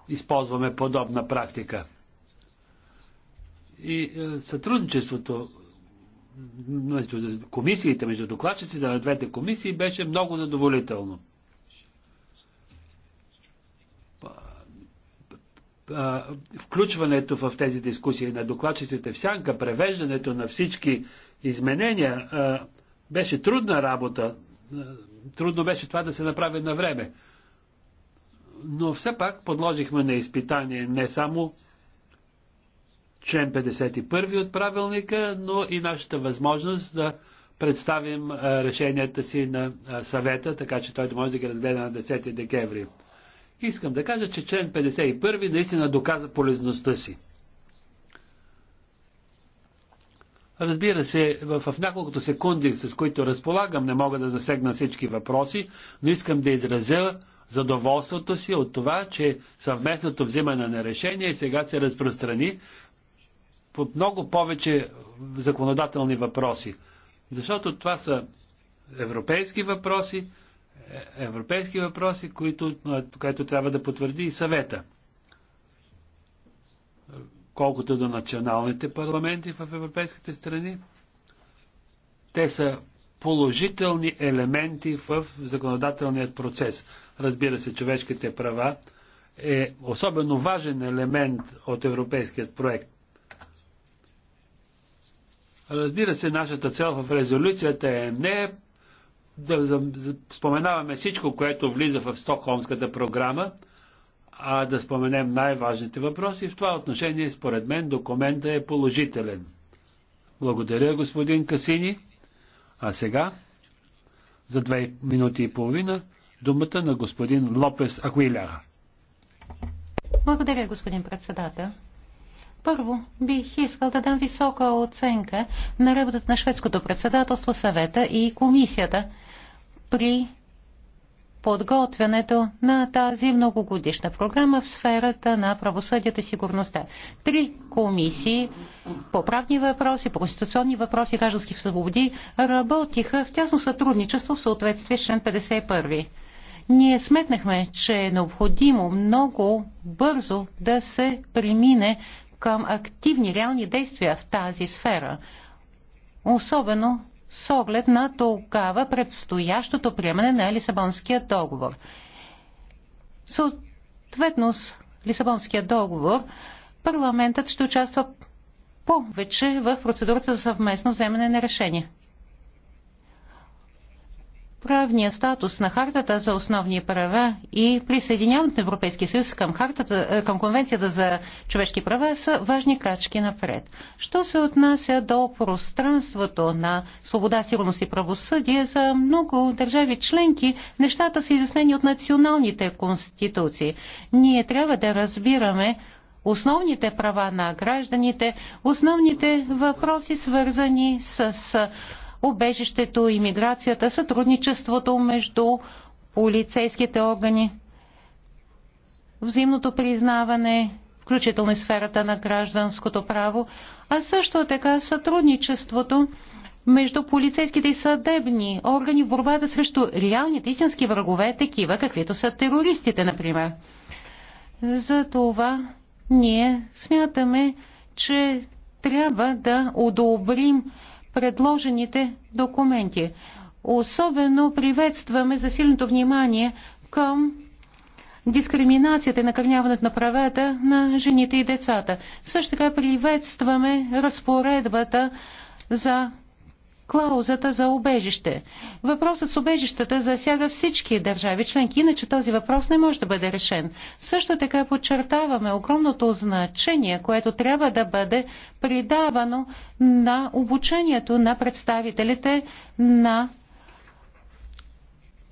използваме подобна практика. И сътрудничеството между комисиите, между докладчиците на двете комисии беше много задоволително. включването в тези дискусии на докладчиците в сянка, превеждането на всички изменения беше трудна работа. Трудно беше това да се направи на време. Но все пак подложихме на изпитание не само член 51 от правилника, но и нашата възможност да представим решенията си на съвета, така че той да може да ги разгледа на 10 декември. Искам да кажа, че член 51 наистина доказа полезността си. Разбира се, в, в няколкото секунди, с които разполагам, не мога да засегна всички въпроси, но искам да изразя задоволството си от това, че съвместното взимане на решение сега се разпространи под много повече законодателни въпроси. Защото това са европейски въпроси, е, европейски въпроси, които, което трябва да потвърди и съвета. Колкото до националните парламенти в европейските страни, те са положителни елементи в законодателният процес. Разбира се, човешките права е особено важен елемент от европейският проект. Разбира се, нашата цел в резолюцията е не да, за, за, споменаваме всичко, което влиза в Стокхолмската програма, а да споменем най-важните въпроси. В това отношение, според мен, документа е положителен. Благодаря, господин Касини. А сега, за две минути и половина, думата на господин Лопес Акуиляга. Благодаря, господин председател. Първо, бих искал да дам висока оценка на работата на шведското председателство, съвета и комисията – при подготвянето на тази многогодишна програма в сферата на правосъдията и сигурността. Три комисии по правни въпроси, по конституционни въпроси и граждански свободи работиха в тясно сътрудничество в съответствие с член 51. Ние сметнахме, че е необходимо много бързо да се премине към активни реални действия в тази сфера, особено с оглед на тогава предстоящото приемане на Лисабонския договор. Съответно с Лисабонския договор парламентът ще участва повече в процедурата за съвместно вземане на решения правния статус на Хартата за основни права и присъединяването на Европейския съюз към, хартата, е, към Конвенцията за човешки права са важни крачки напред. Що се отнася до пространството на свобода, сигурност и правосъдие, за много държави членки нещата са изяснени от националните конституции. Ние трябва да разбираме основните права на гражданите, основните въпроси свързани с убежището, иммиграцията, сътрудничеството между полицейските органи, взаимното признаване, включително и сферата на гражданското право, а също така сътрудничеството между полицейските и съдебни органи в борбата срещу реалните истински врагове, такива каквито са терористите, например. За това ние смятаме, че трябва да одобрим предложените документи. Особено приветстваме засиленото внимание към дискриминацията и накърняването на правата на жените и децата. Също така приветстваме разпоредбата за клаузата за обежище. Въпросът с обежищата засяга всички държави членки, иначе този въпрос не може да бъде решен. Също така подчертаваме огромното значение, което трябва да бъде придавано на обучението на представителите на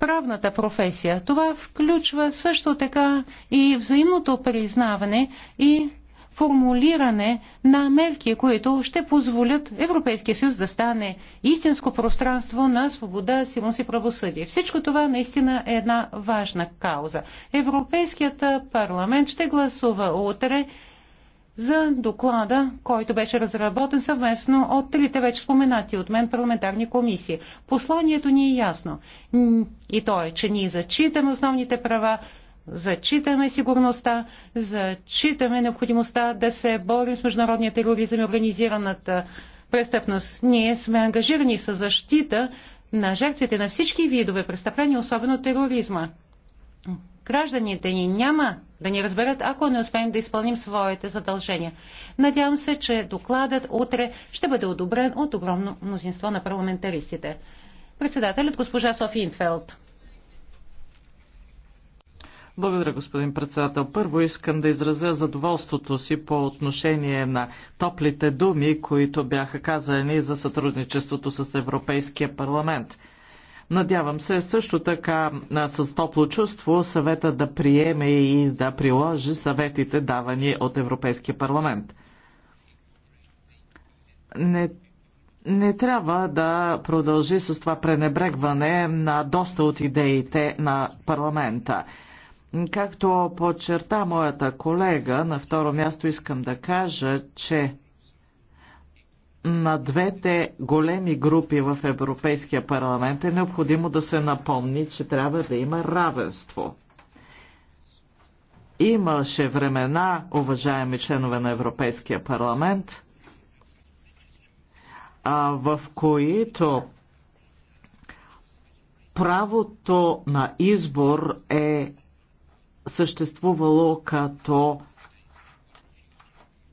правната професия. Това включва също така и взаимното признаване и формулиране на мерки, които ще позволят Европейския съюз да стане истинско пространство на свобода, сигурност и правосъдие. Всичко това наистина е една важна кауза. Европейският парламент ще гласува утре за доклада, който беше разработен съвместно от трите вече споменати от мен парламентарни комисии. Посланието ни е ясно и то е, че ние зачитаме основните права, зачитаме сигурността, зачитаме необходимостта да се борим с международния тероризъм и организираната престъпност. Ние сме ангажирани с защита на жертвите на всички видове престъпления, особено тероризма. Гражданите ни няма да ни разберат, ако не успеем да изпълним своите задължения. Надявам се, че докладът утре ще бъде одобрен от огромно мнозинство на парламентаристите. Председателят госпожа Софи Инфелд. Благодаря, господин председател. Първо искам да изразя задоволството си по отношение на топлите думи, които бяха казани за сътрудничеството с Европейския парламент. Надявам се също така с топло чувство съвета да приеме и да приложи съветите давани от Европейския парламент. Не не трябва да продължи с това пренебрегване на доста от идеите на парламента. Както подчерта моята колега, на второ място искам да кажа, че на двете големи групи в Европейския парламент е необходимо да се напомни, че трябва да има равенство. Имаше времена, уважаеми членове на Европейския парламент, в които правото на избор е съществувало като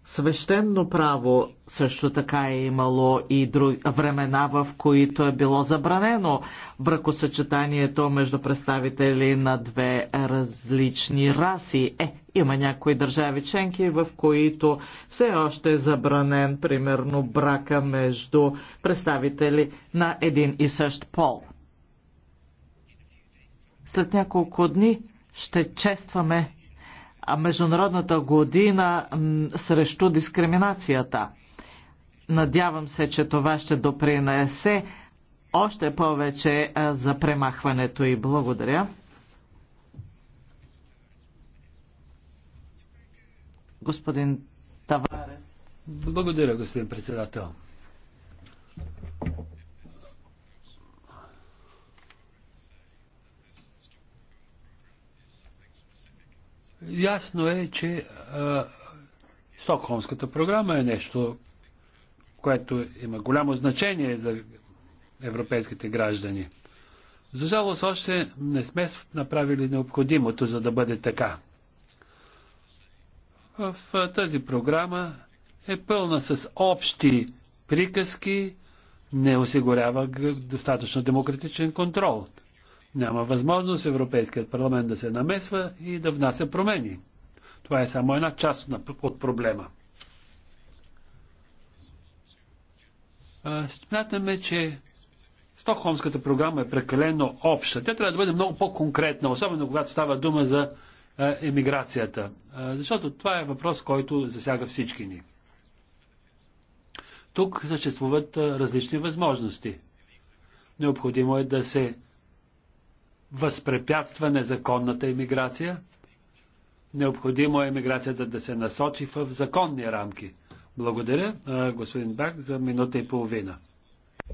свещено право, също така е имало и други времена, в които е било забранено бракосъчетанието между представители на две различни раси. Е, има някои държави членки, в които все още е забранен, примерно, брака между представители на един и същ пол. След няколко дни ще честваме Международната година срещу дискриминацията. Надявам се, че това ще допринесе още повече за премахването и благодаря. Господин Таварес. Благодаря, господин председател. Ясно е, че а, Стокхолмската програма е нещо, което има голямо значение за европейските граждани. За жалост, още не сме направили необходимото, за да бъде така. В тази програма е пълна с общи приказки, не осигурява достатъчно демократичен контрол. Няма възможност Европейският парламент да се намесва и да внася промени. Това е само една част от проблема. Смятаме, че Стокхолмската програма е прекалено обща. Тя трябва да бъде много по-конкретна, особено когато става дума за емиграцията. Защото това е въпрос, който засяга всички ни. Тук съществуват различни възможности. Необходимо е да се възпрепятства незаконната иммиграция. Необходимо е иммиграцията да се насочи в законни рамки. Благодаря, господин Бак, за минута и половина.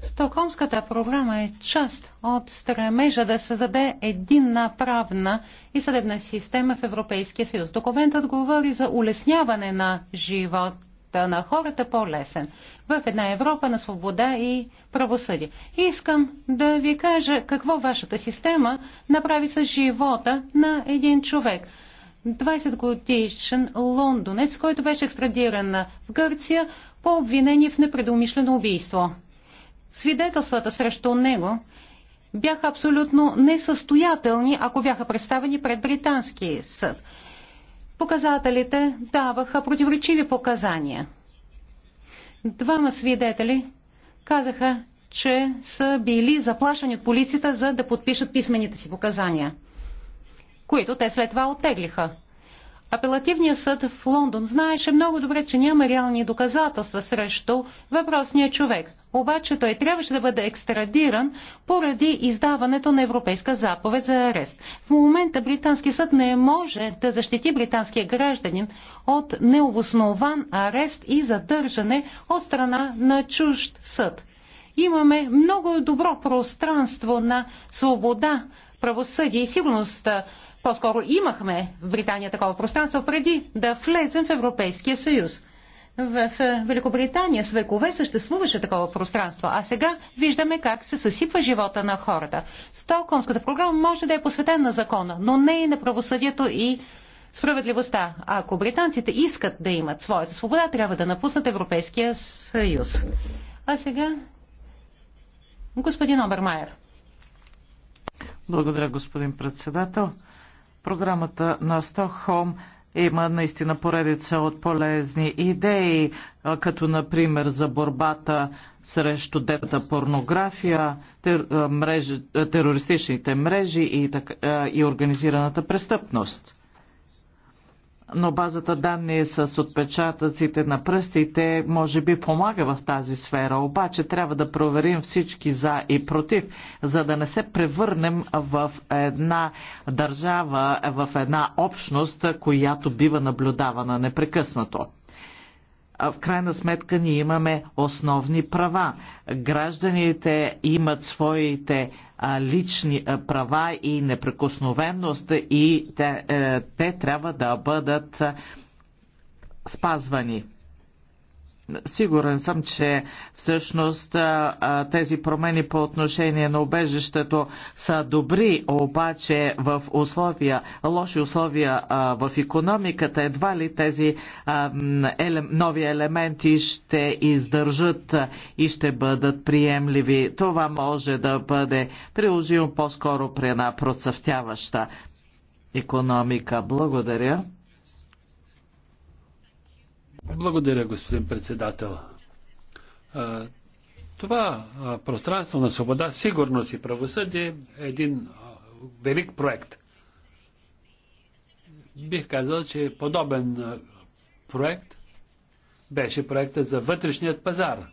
Стокхолмската програма е част от стремежа да създаде единна правна и съдебна система в Европейския съюз. Документът говори за улесняване на живот живота на хората по-лесен в една Европа на свобода и правосъдие. Искам да ви кажа какво вашата система направи с живота на един човек. 20 годишен лондонец, който беше екстрадиран в Гърция по обвинение в непредумишлено убийство. Свидетелствата срещу него бяха абсолютно несъстоятелни, ако бяха представени пред британски съд показателите даваха противоречиви показания. Двама свидетели казаха, че са били заплашени от полицията, за да подпишат писмените си показания, които те след това оттеглиха. Апелативният съд в Лондон знаеше много добре, че няма реални доказателства срещу въпросния човек. Обаче той трябваше да бъде екстрадиран поради издаването на Европейска заповед за арест. В момента британски съд не може да защити британския гражданин от необоснован арест и задържане от страна на чужд съд. Имаме много добро пространство на свобода, правосъдие и сигурност по-скоро имахме в Британия такова пространство преди да влезем в Европейския съюз. В Великобритания с векове съществуваше такова пространство, а сега виждаме как се съсипва живота на хората. Стокомската програма може да е посветена на закона, но не и на правосъдието и справедливостта. ако британците искат да имат своята свобода, трябва да напуснат Европейския съюз. А сега господин Обермайер. Благодаря, господин председател. Програмата на Стокхолм има наистина поредица от полезни идеи, като например за борбата срещу детата порнография, тер, мрежи, терористичните мрежи и, и организираната престъпност но базата данни с отпечатъците на пръстите може би помага в тази сфера, обаче трябва да проверим всички за и против, за да не се превърнем в една държава, в една общност, която бива наблюдавана непрекъснато. В крайна сметка ние имаме основни права. Гражданите имат своите лични права и неприкосновеност и те, е, те трябва да бъдат спазвани. Сигурен съм, че всъщност тези промени по отношение на обежището са добри, обаче в условия, лоши условия в економиката, едва ли тези нови елементи ще издържат и ще бъдат приемливи. Това може да бъде приложимо по-скоро при една процъфтяваща економика. Благодаря. Благодаря, господин председател. Това пространство на свобода, сигурност и правосъдие е един велик проект. Бих казал, че подобен проект беше проекта за вътрешният пазар.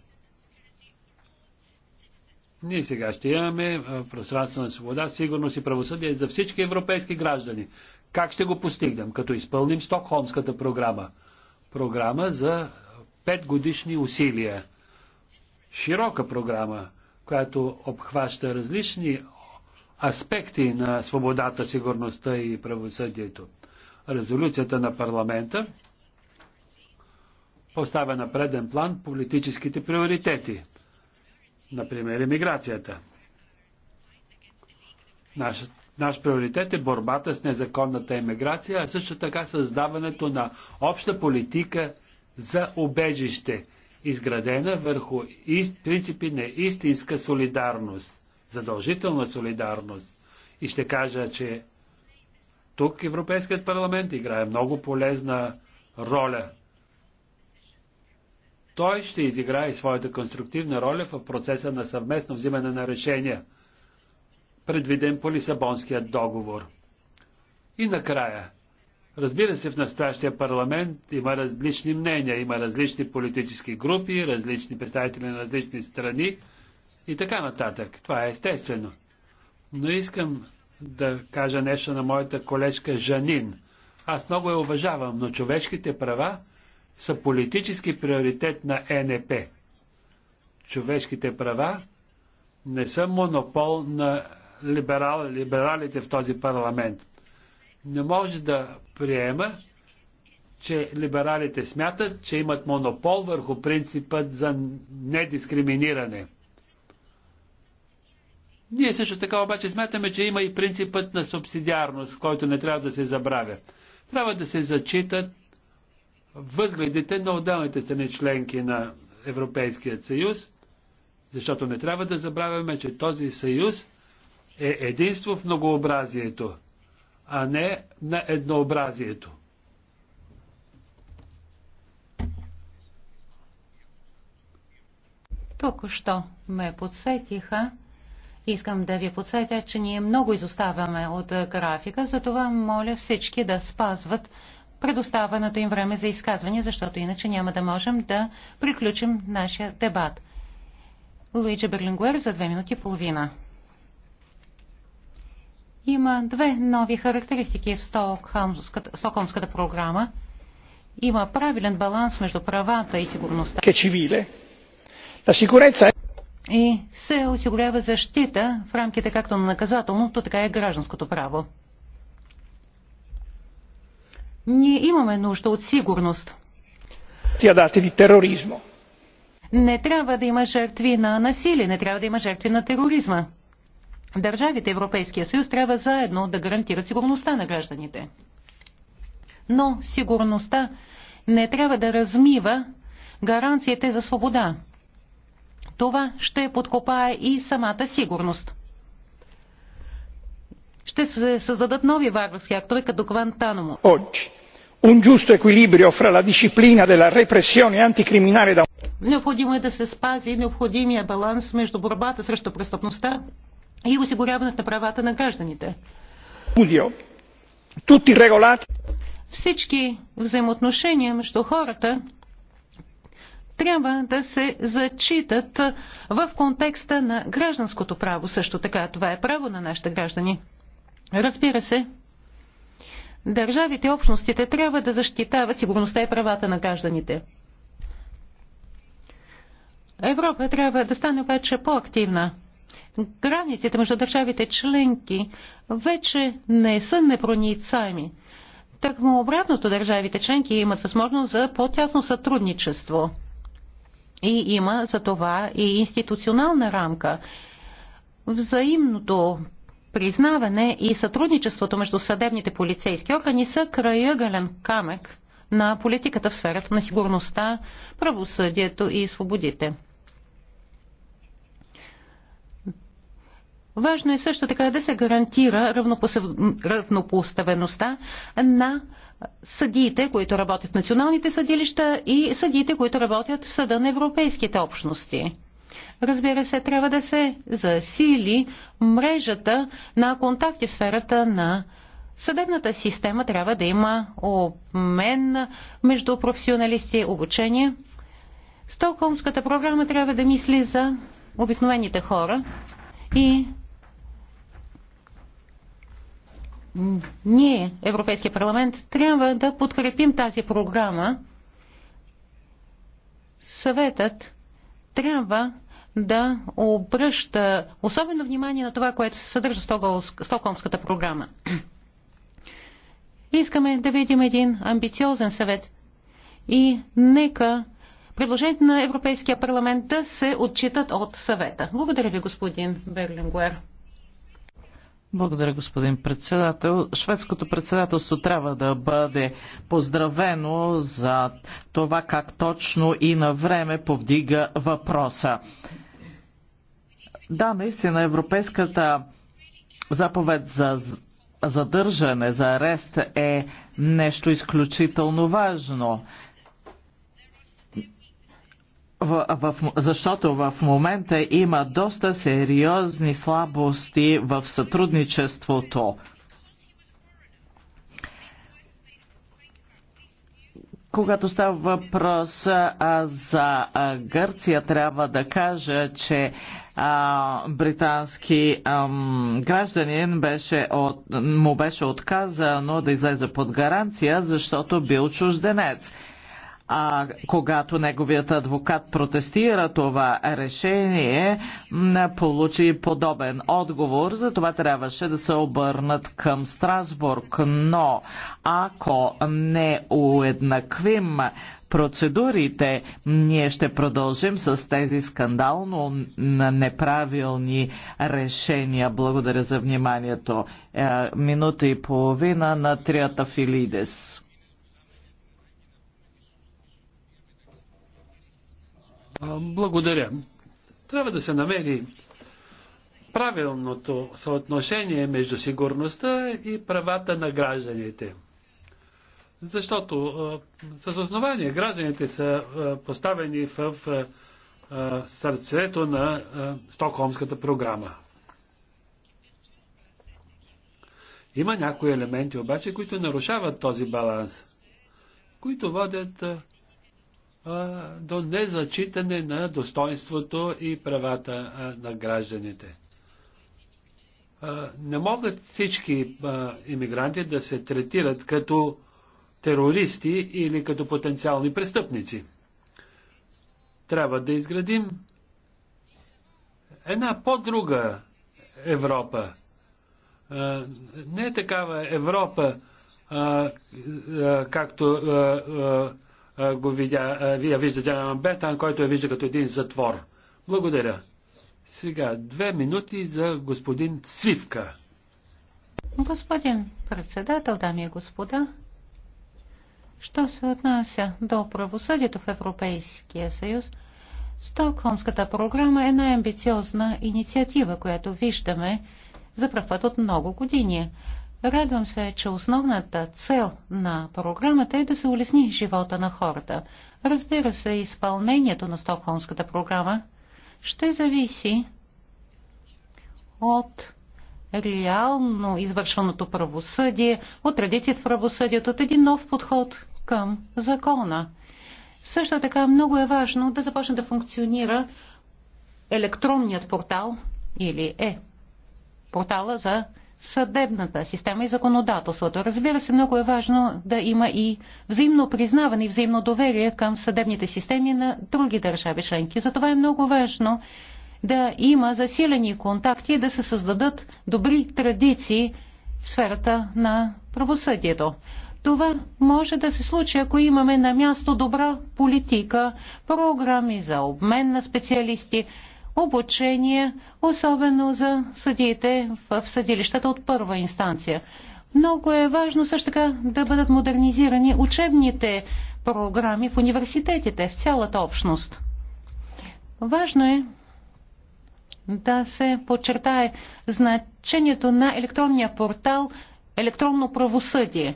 Ние сега ще имаме пространство на свобода, сигурност и правосъдие за всички европейски граждани. Как ще го постигнем? Като изпълним Стокхолмската програма – програма за 5 годишни усилия. Широка програма, която обхваща различни аспекти на свободата, сигурността и правосъдието. Резолюцията на парламента поставя на преден план политическите приоритети, например иммиграцията. Нашата Наш приоритет е борбата с незаконната емиграция, а също така създаването на обща политика за обежище, изградена върху ист, принципи на истинска солидарност, задължителна солидарност. И ще кажа, че тук Европейският парламент играе много полезна роля. Той ще изиграе своята конструктивна роля в процеса на съвместно взимане на решения – предвиден по Лисабонския договор. И накрая, разбира се, в настоящия парламент има различни мнения, има различни политически групи, различни представители на различни страни и така нататък. Това е естествено. Но искам да кажа нещо на моята колежка Жанин. Аз много я уважавам, но човешките права са политически приоритет на ЕНП. Човешките права не са монопол на либерал, либералите в този парламент. Не може да приема, че либералите смятат, че имат монопол върху принципът за недискриминиране. Ние също така обаче смятаме, че има и принципът на субсидиарност, който не трябва да се забравя. Трябва да се зачитат възгледите на отделните страни членки на Европейския съюз, защото не трябва да забравяме, че този съюз е единство в многообразието, а не на еднообразието. Току-що ме подсетиха. Искам да ви подсетя, че ние много изоставаме от графика, затова моля всички да спазват предоставеното им време за изказване, защото иначе няма да можем да приключим нашия дебат. Луиджи Берлингуер за две минути и половина. Има две нови характеристики в Стокхолмската, програма. Има правилен баланс между правата и сигурността. И се осигурява защита в рамките както на наказателното, така и гражданското право. Ние имаме нужда от сигурност. Тя дати ви тероризмо. Не трябва да има жертви на насилие, не трябва да има жертви на тероризма. Държавите Европейския съюз трябва заедно да гарантират сигурността на гражданите. Но сигурността не трябва да размива гаранциите за свобода. Това ще подкопае и самата сигурност. Ще се създадат нови варварски актове като Квантанамо. Oggi un giusto equilibrio fra la disciplina della repressione anticriminale da Необходимо е да се спази необходимия баланс между борбата срещу престъпността и осигуряването на правата на гражданите. Всички взаимоотношения между хората трябва да се зачитат в контекста на гражданското право. Също така това е право на нашите граждани. Разбира се, държавите и общностите трябва да защитават сигурността и правата на гражданите. Европа трябва да стане вече по-активна границите между държавите членки вече не са непроницаеми. му обратното, държавите членки имат възможност за по-тясно сътрудничество. И има за това и институционална рамка. Взаимното признаване и сътрудничеството между съдебните полицейски органи са краягален камък на политиката в сферата на сигурността, правосъдието и свободите. Важно е също така да се гарантира равнопоставеността на съдиите, които работят в националните съдилища и съдиите, които работят в съда на европейските общности. Разбира се, трябва да се засили мрежата на контакти в сферата на съдебната система. Трябва да има обмен между професионалисти, обучение. Стокхолмската програма трябва да мисли за обикновените хора и ние, Европейския парламент, трябва да подкрепим тази програма. Съветът трябва да обръща особено внимание на това, което се съдържа в Стокхолмската програма. Искаме да видим един амбициозен съвет и нека предложението на Европейския парламент да се отчитат от съвета. Благодаря ви, господин Берлингуер. Благодаря, господин председател. Шведското председателство трябва да бъде поздравено за това как точно и на време повдига въпроса. Да, наистина Европейската заповед за задържане, за арест е нещо изключително важно в, в, защото в момента има доста сериозни слабости в сътрудничеството. Когато става въпрос а, за а, Гърция, трябва да кажа, че а, британски а, гражданин беше от, му беше отказано да излезе под гаранция, защото бил чужденец а, когато неговият адвокат протестира това решение, получи подобен отговор. За това трябваше да се обърнат към Страсбург. Но ако не уеднаквим процедурите, ние ще продължим с тези скандално неправилни решения. Благодаря за вниманието. Е, минута и половина на Трията Филидес. Благодаря. Трябва да се намери правилното съотношение между сигурността и правата на гражданите. Защото а, с основание гражданите са а, поставени в а, сърцето на а, Стокхолмската програма. Има някои елементи обаче, които нарушават този баланс, които водят до незачитане на достоинството и правата на гражданите. не могат всички иммигранти да се третират като терористи или като потенциални престъпници. Трябва да изградим една по-друга Европа. Не е такава Европа, както го видя, вие виждате Джералан Бертан, който я вижда като един затвор. Благодаря. Сега две минути за господин Цвивка. Господин председател, дами и господа, що се отнася до правосъдието в Европейския съюз, Стокхолмската програма е най-амбициозна инициатива, която виждаме за пръв път от много години. Радвам се, че основната цел на програмата е да се улесни живота на хората. Разбира се, изпълнението на Стокхолмската програма ще зависи от реално извършваното правосъдие, от традицията в правосъдието, от един нов подход към закона. Също така много е важно да започне да функционира електронният портал или е портала за съдебната система и законодателството. Разбира се, много е важно да има и взаимно признаване и взаимно доверие към съдебните системи на други държави членки. Затова е много важно да има засилени контакти и да се създадат добри традиции в сферата на правосъдието. Това може да се случи, ако имаме на място добра политика, програми за обмен на специалисти, обучение, особено за съдиите в съдилищата от първа инстанция. Много е важно също така да бъдат модернизирани учебните програми в университетите, в цялата общност. Важно е да се подчертае значението на електронния портал електронно правосъдие.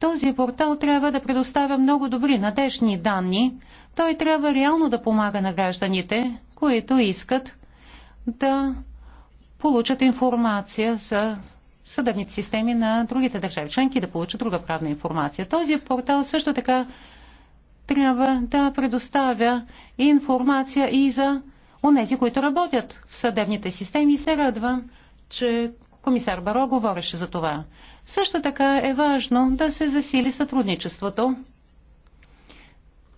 Този портал трябва да предоставя много добри, надежни данни. Той трябва реално да помага на гражданите, които искат да получат информация за съдебните системи на другите държави членки да получат друга правна информация. Този портал също така трябва да предоставя информация и за онези, които работят в съдебните системи. И се радвам, че комисар Баро говореше за това. Също така е важно да се засили сътрудничеството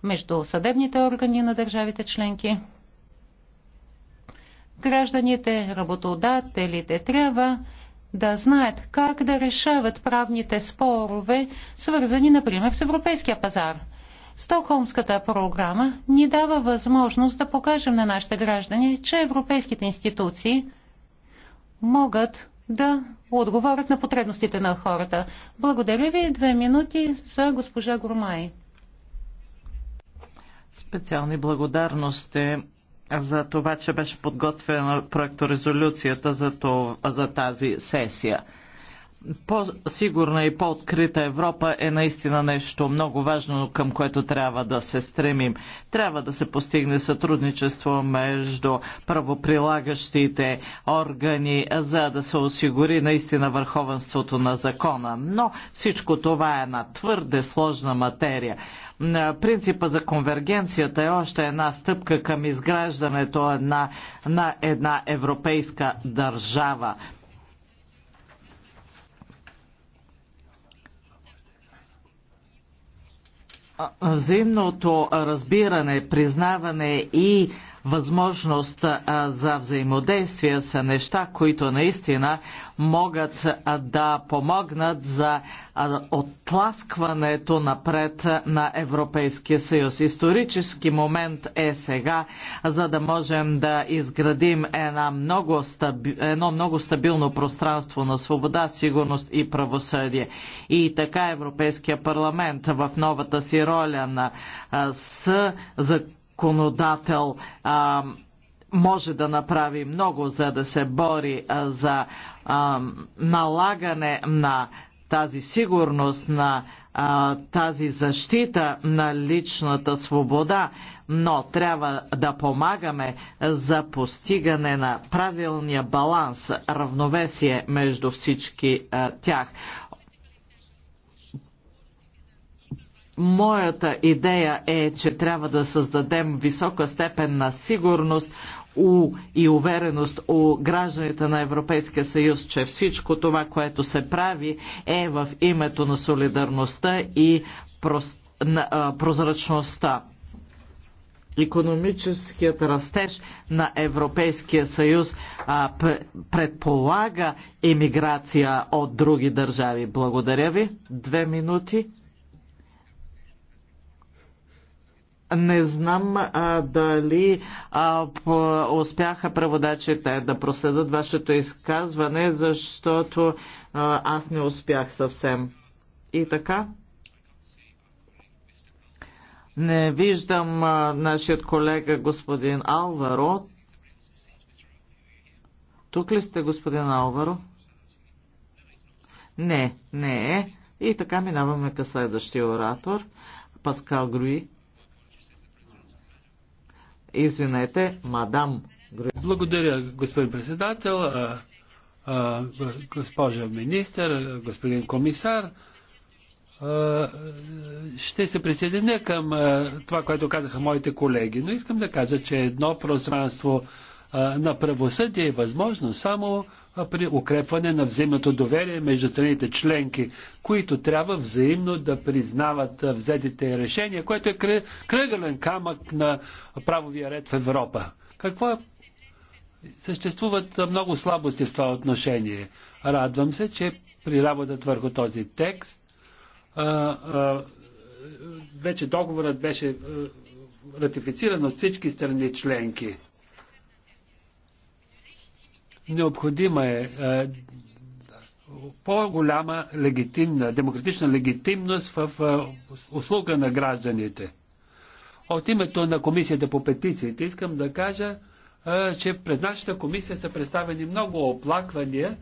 между съдебните органи на държавите членки гражданите, работодателите трябва да знаят как да решават правните спорове, свързани, например, с европейския пазар. Стокхолмската програма ни дава възможност да покажем на нашите граждани, че европейските институции могат да отговорят на потребностите на хората. Благодаря ви. Две минути за госпожа Гормай. Специални благодарности за това, че беше подготвена проекторезолюцията за, това, за тази сесия. По-сигурна и по-открита Европа е наистина нещо много важно, към което трябва да се стремим. Трябва да се постигне сътрудничество между правоприлагащите органи, за да се осигури наистина върховенството на закона. Но всичко това е една твърде сложна материя принципа за конвергенцията е още една стъпка към изграждането на, на една европейска държава. Взаимното разбиране, признаване и възможност за взаимодействие са неща, които наистина могат да помогнат за отласкването напред на Европейския съюз. Исторически момент е сега, за да можем да изградим една много стаби... едно много стабилно пространство на свобода, сигурност и правосъдие. И така Европейския парламент в новата си роля на с за законодател а, може да направи много, за да се бори а, за а, налагане на тази сигурност, на а, тази защита на личната свобода, но трябва да помагаме за постигане на правилния баланс, равновесие между всички а, тях. Моята идея е, че трябва да създадем висока степен на сигурност у, и увереност у гражданите на Европейския съюз, че всичко това, което се прави, е в името на солидарността и прост, на, а, прозрачността. Економическият растеж на Европейския съюз а, предполага емиграция от други държави. Благодаря ви. Две минути. Не знам а, дали а, по, успяха преводачите да проследат вашето изказване, защото а, аз не успях съвсем. И така? Не виждам а, нашият колега господин Алваро. Тук ли сте, господин Алваро? Не, не е. И така минаваме към следващия оратор, Паскал Груи. Извинете, мадам. Благодаря, господин председател, госпожа министър, господин комисар. Ще се присъединя към това, което казаха моите колеги, но искам да кажа, че едно пространство на правосъдие е възможно само при укрепване на взаимното доверие между страните членки, които трябва взаимно да признават взетите решения, което е кръгълен камък на правовия ред в Европа. Какво е? Съществуват много слабости в това отношение. Радвам се, че при работата върху този текст а, а, вече договорът беше а, ратифициран от всички страни членки. Необходима е, е по-голяма легитимна, демократична легитимност в е, услуга на гражданите. От името на Комисията по петициите искам да кажа, е, че пред нашата комисия са представени много оплаквания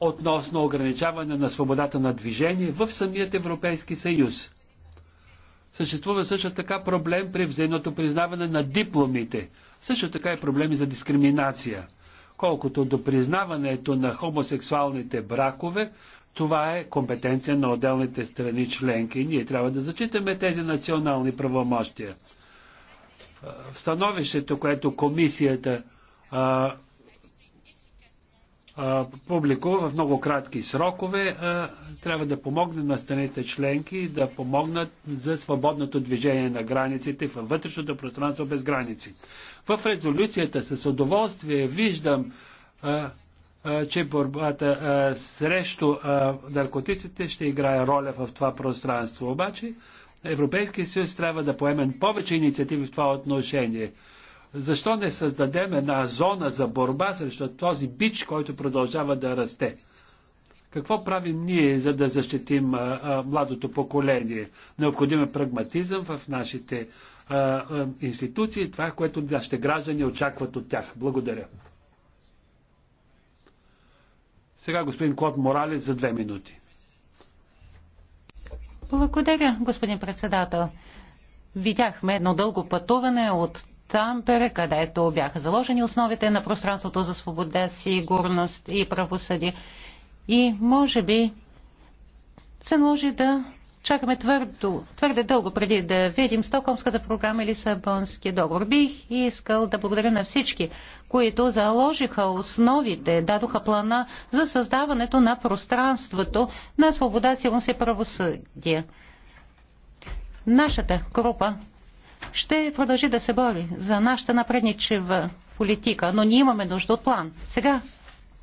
относно ограничаване на свободата на движение в самият Европейски съюз. Съществува също така проблем при взаимното признаване на дипломите. Също така и проблеми за дискриминация. Колкото до признаването на хомосексуалните бракове, това е компетенция на отделните страни членки. Ние трябва да зачитаме тези национални правомощия. Е, в становището, което комисията публикува в много кратки срокове, трябва да помогне на страните членки да помогнат за свободното движение на границите във вътрешното пространство без граници. В резолюцията с удоволствие виждам, че борбата срещу наркотиците ще играе роля в това пространство. Обаче Европейския съюз трябва да поеме повече инициативи в това отношение – защо не създадем една зона за борба срещу този бич, който продължава да расте? Какво правим ние, за да защитим а, а, младото поколение? Необходим е прагматизъм в нашите а, а, институции, това, което нашите граждани очакват от тях. Благодаря. Сега господин Клод Моралес за две минути. Благодаря, господин председател. Видяхме едно дълго пътуване от Тампере, където бяха заложени основите на пространството за свобода, сигурност и правосъдие. И може би се наложи да чакаме твърдо, твърде дълго преди да видим Стокомската програма или Сабонския договор. Бих искал да благодаря на всички, които заложиха основите, дадоха плана за създаването на пространството на свобода, сигурност и правосъдие. Нашата група ще продължи да се бори за нашата напредничева политика, но ние имаме нужда от план. Сега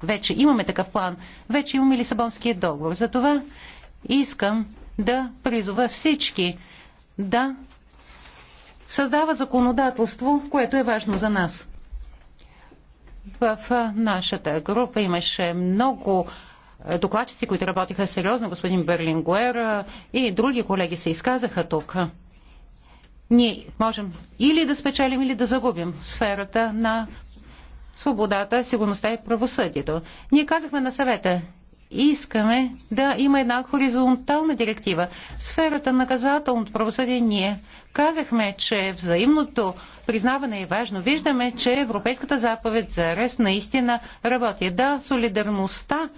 вече имаме такъв план, вече имаме Лисабонския договор. Затова искам да призова всички да създават законодателство, което е важно за нас. В нашата група имаше много докладчици, които работиха сериозно, господин Берлингуер и други колеги се изказаха тук ние можем или да спечелим, или да загубим сферата на свободата, сигурността и правосъдието. Ние казахме на съвета, искаме да има една хоризонтална директива. сферата на наказателното правосъдие ние казахме, че взаимното признаване е важно. Виждаме, че Европейската заповед за арест наистина работи. Да, солидарността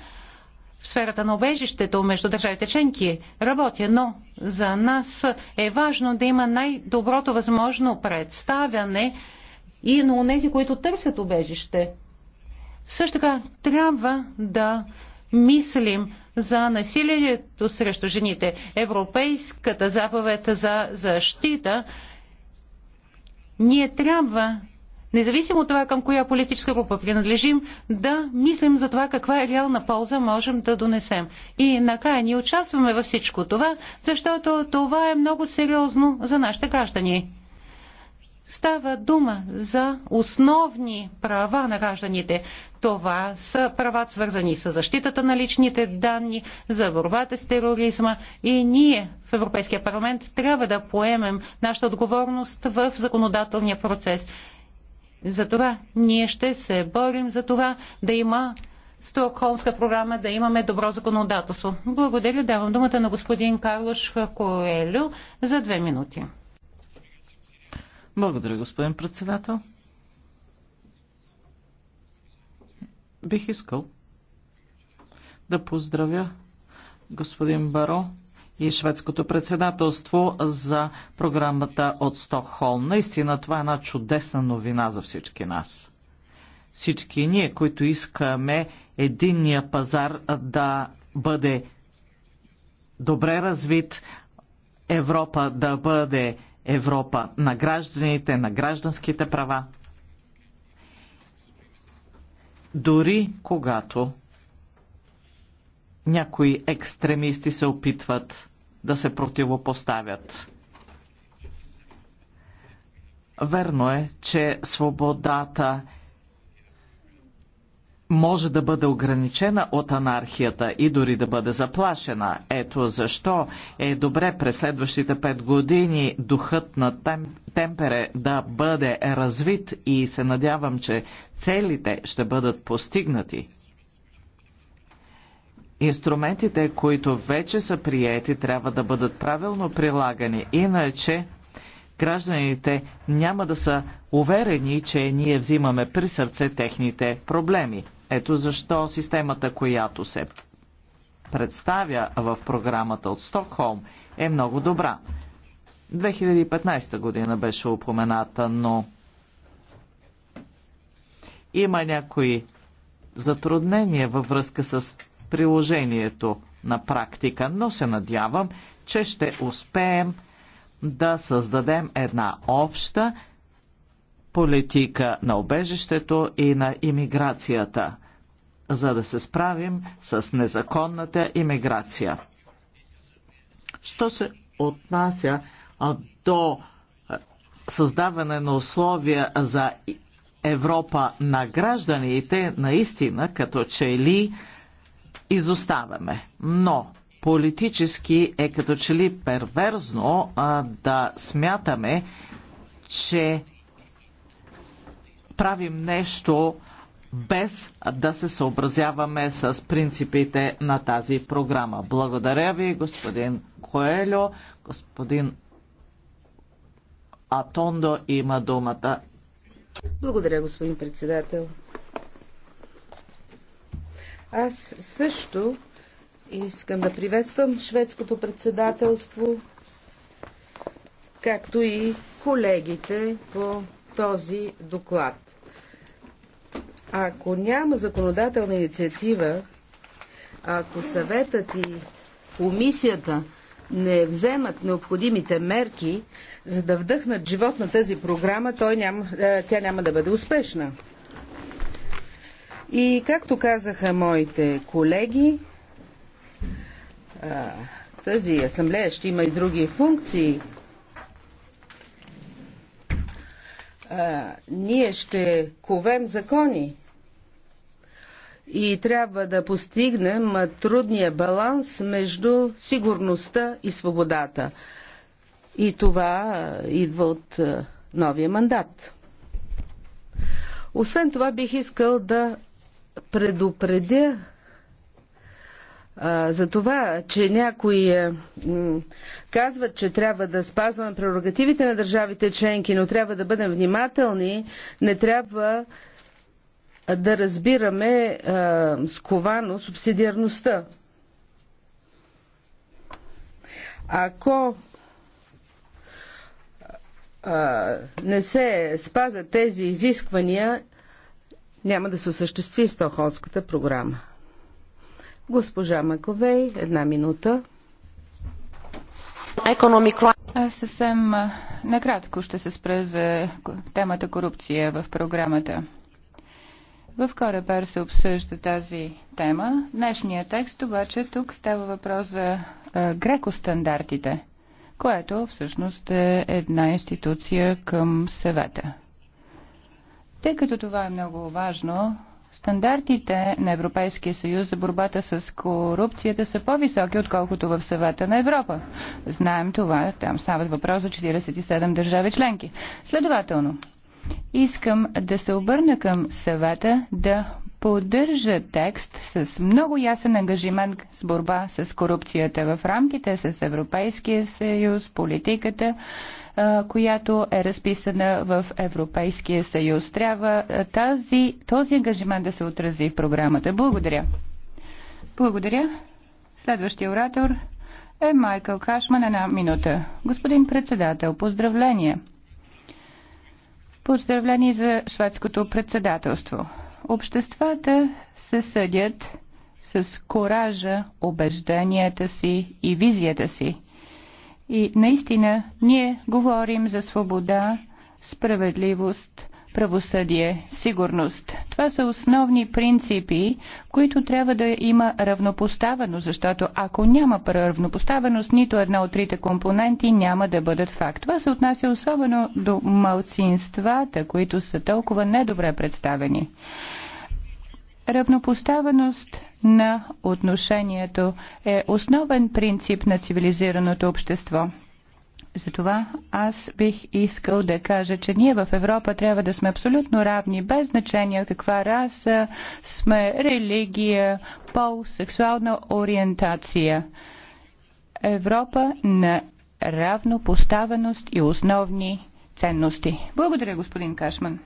в сферата на обежището между държавите членки работя, но за нас е важно да има най-доброто възможно представяне и на онези, които търсят обежище. Също така трябва да мислим за насилието срещу жените. Европейската заповед за защита ние трябва независимо от това към коя политическа група принадлежим, да мислим за това каква е реална полза можем да донесем. И накрая ни участваме във всичко това, защото това е много сериозно за нашите граждани. Става дума за основни права на гражданите. Това са права свързани с защитата на личните данни, за борбата с тероризма и ние в Европейския парламент трябва да поемем нашата отговорност в законодателния процес. Затова ние ще се борим за това да има Стокхолмска програма, да имаме добро законодателство. Благодаря. Давам думата на господин Карлош Коелю за две минути. Благодаря, господин председател. Бих искал да поздравя господин Баро и шведското председателство за програмата от Стокхолм. Наистина това е една чудесна новина за всички нас. Всички ние, които искаме единния пазар да бъде добре развит, Европа да бъде Европа на гражданите, на гражданските права. Дори когато някои екстремисти се опитват да се противопоставят. Верно е, че свободата може да бъде ограничена от анархията и дори да бъде заплашена. Ето защо е добре през следващите пет години духът на темпере да бъде развит и се надявам, че целите ще бъдат постигнати. Инструментите, които вече са приети, трябва да бъдат правилно прилагани, иначе гражданите няма да са уверени, че ние взимаме при сърце техните проблеми. Ето защо системата, която се представя в програмата от Стокхолм, е много добра. 2015 година беше упомената, но има някои затруднения във връзка с приложението на практика, но се надявам, че ще успеем да създадем една обща политика на обежището и на имиграцията, за да се справим с незаконната имиграция. Що се отнася до създаване на условия за Европа на гражданите, наистина, като че ли изоставаме. Но политически е като че ли перверзно а, да смятаме, че правим нещо без да се съобразяваме с принципите на тази програма. Благодаря ви, господин Коелю. Господин Атондо има думата. Благодаря, господин председател. Аз също искам да приветствам шведското председателство, както и колегите по този доклад. Ако няма законодателна инициатива, ако съветът и комисията не вземат необходимите мерки, за да вдъхнат живот на тази програма, той няма, е, тя няма да бъде успешна. И както казаха моите колеги, тази асамблея ще има и други функции. Ние ще ковем закони и трябва да постигнем трудния баланс между сигурността и свободата. И това идва от новия мандат. Освен това бих искал да предупредя за това, че някои е, казват, че трябва да спазваме прерогативите на държавите членки, но трябва да бъдем внимателни, не трябва да разбираме сковано субсидиарността. Ако не се спазят тези изисквания, няма да се осъществи Стохолмската програма. Госпожа Маковей, една минута. Аз е, съвсем накратко ще се спра за темата корупция в програмата. В Корепер се обсъжда тази тема. Днешния текст обаче тук става въпрос за греко-стандартите, което всъщност е една институция към съвета. Тъй като това е много важно, стандартите на Европейския съюз за борбата с корупцията са по-високи, отколкото в съвета на Европа. Знаем това, там стават въпрос за 47 държави членки. Следователно, искам да се обърна към съвета да поддържа текст с много ясен ангажимент с борба с корупцията в рамките с Европейския съюз, политиката която е разписана в Европейския съюз. Трябва тази, този ангажимент да се отрази в програмата. Благодаря. Благодаря. Следващия оратор е Майкъл Кашман. Една минута. Господин председател, поздравления. Поздравления за шведското председателство. Обществата се съдят с коража, убежденията си и визията си – и наистина ние говорим за свобода, справедливост, правосъдие, сигурност. Това са основни принципи, които трябва да има равнопоставено, защото ако няма равнопоставеност, нито една от трите компоненти няма да бъдат факт. Това се отнася особено до малцинствата, които са толкова недобре представени. Равнопоставеност на отношението е основен принцип на цивилизираното общество. Затова аз бих искал да кажа, че ние в Европа трябва да сме абсолютно равни, без значение каква раса сме, религия, пол, сексуална ориентация. Европа на равнопоставеност и основни ценности. Благодаря, господин Кашман.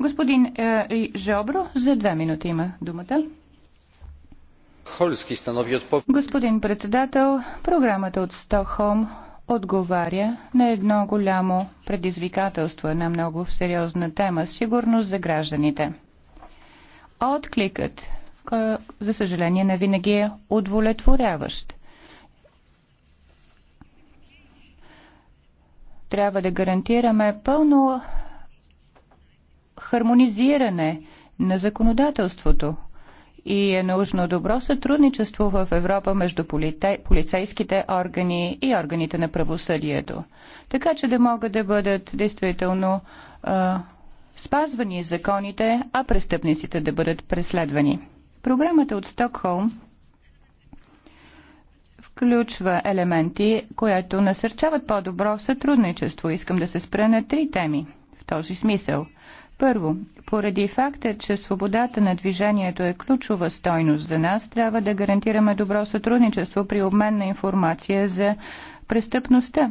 Господин е, Жобро, за две минути има думата. Господин председател, програмата от Стокхолм отговаря на едно голямо предизвикателство, една много сериозна тема – сигурност за гражданите. Откликът, за съжаление, не винаги е удовлетворяващ. Трябва да гарантираме пълно хармонизиране на законодателството и е нужно добро сътрудничество в Европа между полицейските органи и органите на правосъдието, така че да могат да бъдат действително а, спазвани законите, а престъпниците да бъдат преследвани. Програмата от Стокхолм включва елементи, които насърчават по-добро сътрудничество. Искам да се спра на три теми в този смисъл – първо, поради факта, че свободата на движението е ключова стойност за нас, трябва да гарантираме добро сътрудничество при обмен на информация за престъпността,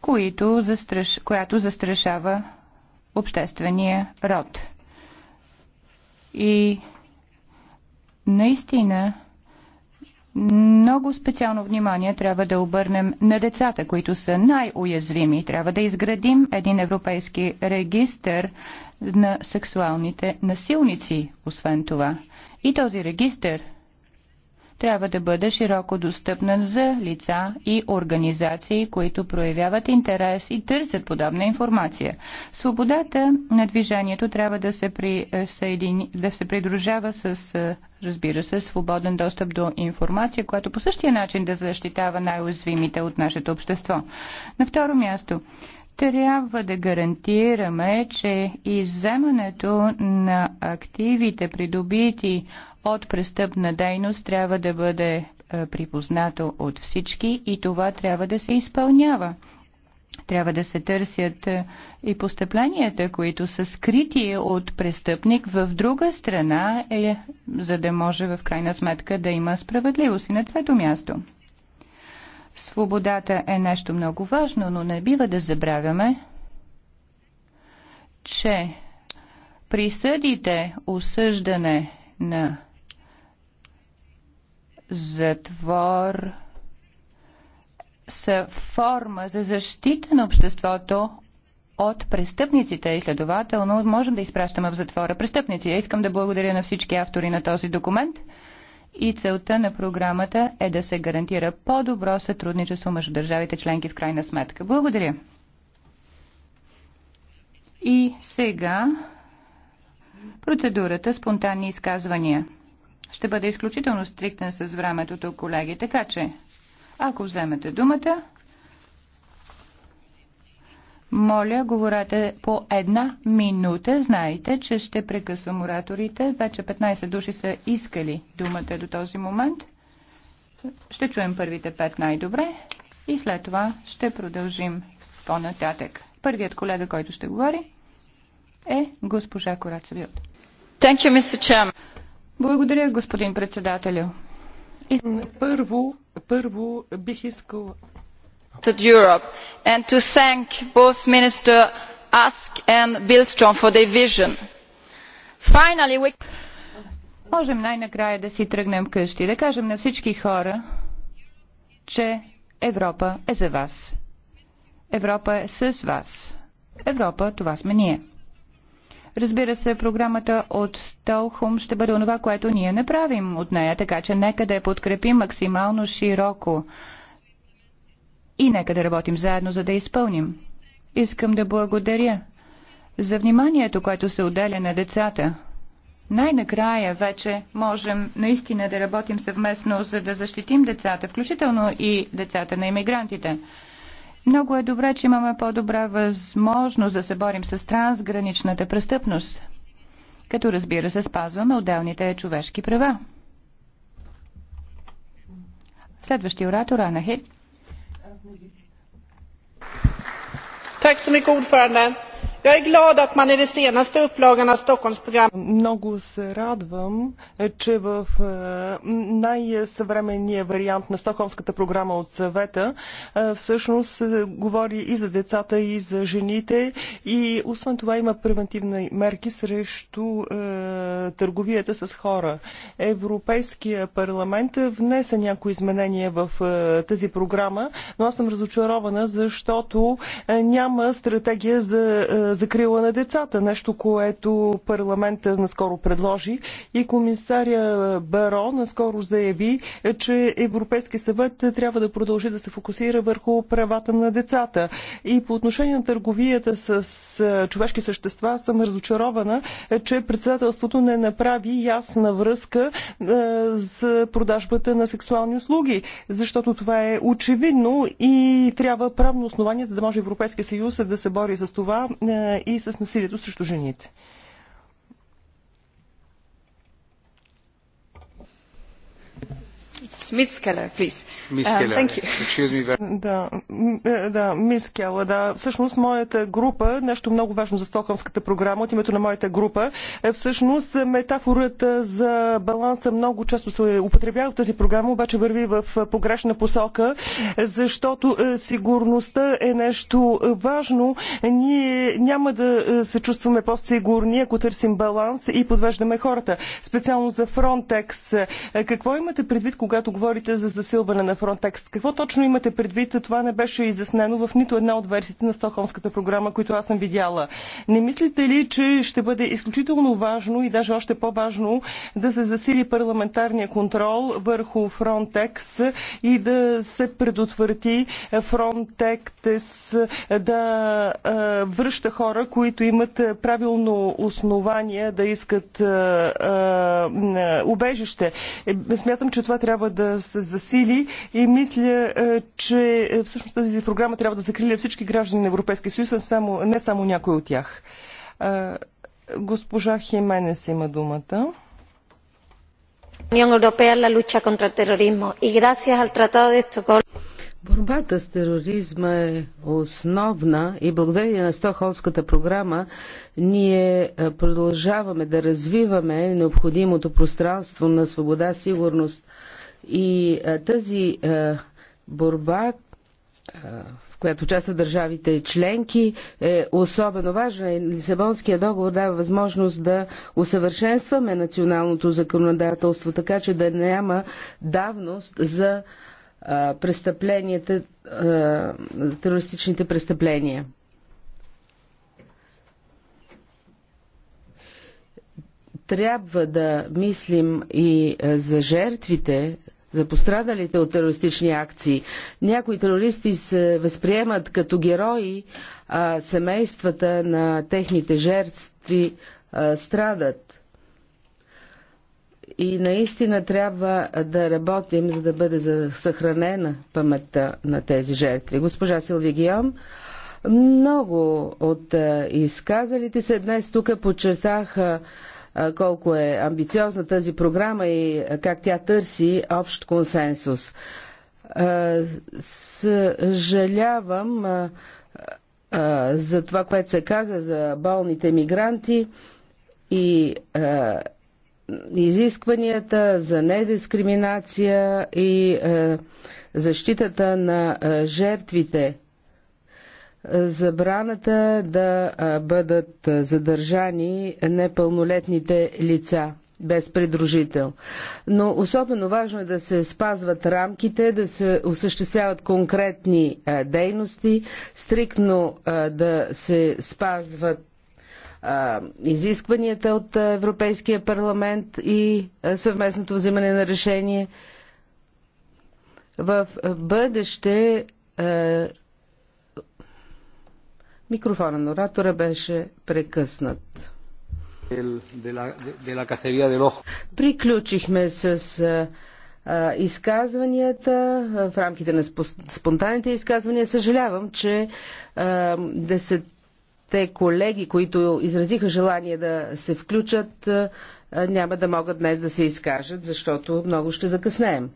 която, застраш... която застрашава обществения род. И наистина много специално внимание трябва да обърнем на децата, които са най-уязвими. Трябва да изградим един европейски регистр на сексуалните насилници, освен това. И този регистр трябва да бъде широко достъпна за лица и организации, които проявяват интерес и търсят подобна информация. Свободата на движението трябва да се, присъедини, е, да се придружава с е, разбира се, свободен достъп до информация, която по същия начин да защитава най-уязвимите от нашето общество. На второ място, трябва да гарантираме, че изземането на активите, придобити от престъпна дейност трябва да бъде е, припознато от всички и това трябва да се изпълнява. Трябва да се търсят е, и постъпленията, които са скрити от престъпник в друга страна, е, за да може в крайна сметка да има справедливост. И на трето място. Свободата е нещо много важно, но не бива да забравяме, че присъдите осъждане на затвор са форма за защита на обществото от престъпниците и следователно можем да изпращаме в затвора престъпници. Я искам да благодаря на всички автори на този документ и целта на програмата е да се гарантира по-добро сътрудничество между държавите членки в крайна сметка. Благодаря. И сега процедурата спонтанни изказвания. Ще бъде изключително стриктен с времето, колеги. Така че, ако вземете думата, моля, говорете по една минута. Знаете, че ще прекъсвам ораторите. Вече 15 души са искали думата до този момент. Ще чуем първите пет най-добре и след това ще продължим по-нататък. Първият колега, който ще говори, е госпожа Кораца благодаря, господин председателю. И... Първо, първо бих искал at Europe and to thank both Minister Ask and Billstrom for their vision. Finally, we... Можем най-накрая да си тръгнем къщи, да кажем на всички хора, че Европа е за вас. Европа е с вас. Европа, това сме ние. Разбира се, програмата от Столхум ще бъде онова, което ние направим от нея, така че нека да я подкрепим максимално широко и нека да работим заедно, за да изпълним. Искам да благодаря за вниманието, което се отделя на децата. Най-накрая вече можем наистина да работим съвместно, за да защитим децата, включително и децата на иммигрантите. Много е добре, че имаме по-добра възможност да се борим с трансграничната престъпност, като разбира се спазваме отделните човешки права. Следващия оратор Анахид. Tack så Jag är glad att man i den senaste upplagan av Stockholmsprogrammet... Много се радвам, е, че в е, най-съвременния вариант на Стокхолмската програма от съвета е, всъщност говори и за децата, и за жените. И освен това има превентивни мерки срещу търговията с хора. Европейския парламент внесе някои изменения в тази програма, но аз съм разочарована, защото няма стратегия за закрила на децата, нещо, което парламента наскоро предложи и комисаря Баро наскоро заяви, че Европейски съвет трябва да продължи да се фокусира върху правата на децата. И по отношение на търговията с човешки същества съм разочарована, че председателството не направи ясна връзка с продажбата на сексуални услуги, защото това е очевидно и трябва правно основание, за да може Европейския съюз да се бори с това и с насилието срещу жените. Мисс Ms. Keller, please. Ms. Uh, thank you. me. Да, е, да, мис Келър, да. Всъщност моята група, нещо много важно за Стокхолмската програма, от името на моята група, е всъщност метафората за баланса много често се употребява в тази програма, обаче върви в погрешна посока, защото е, сигурността е нещо важно. Ние няма да е, се чувстваме по-сигурни, ако търсим баланс и подвеждаме хората. Специално за Frontex. Какво имате предвид, когато когато говорите за засилване на Фронтекс. Какво точно имате предвид? Това не беше изяснено в нито една от версиите на Стокхолмската програма, които аз съм видяла. Не мислите ли, че ще бъде изключително важно и даже още по-важно да се засили парламентарния контрол върху Фронтекс и да се предотврати Frontex да връща хора, които имат правилно основание да искат убежище. Е, смятам, че това трябва да се засили и мисля, е, че е, всъщност тази програма трябва да закриля всички граждани на Европейския съюз, а само, не само някой от тях. Е, госпожа Хименес има думата. Борбата с тероризма е основна и благодарение на Стохолската програма ние продължаваме да развиваме необходимото пространство на свобода, сигурност и е, тази е, борба, е, в която участват държавите членки, е особено важна. Лисабонския договор дава възможност да усъвършенстваме националното законодателство, така че да няма давност за престъпленията, терористичните престъпления. трябва да мислим и е, за жертвите, за пострадалите от терористични акции. Някои терористи се възприемат като герои, а семействата на техните жертви а, е, страдат. И наистина трябва да работим, за да бъде съхранена паметта на тези жертви. Госпожа Силви Гиом, много от е, изказалите се днес тук подчертаха колко е амбициозна тази програма и как тя търси общ консенсус. Съжалявам за това, което се каза за болните мигранти и изискванията за недискриминация и защитата на жертвите забраната да бъдат задържани непълнолетните лица без придружител. Но особено важно е да се спазват рамките, да се осъществяват конкретни дейности, стриктно да се спазват изискванията от Европейския парламент и съвместното вземане на решение. В бъдеще Микрофона на оратора беше прекъснат. Приключихме с изказванията, в рамките на спонтанните изказвания. Съжалявам, че десетте колеги, които изразиха желание да се включат, няма да могат днес да се изкажат, защото много ще закъснеем.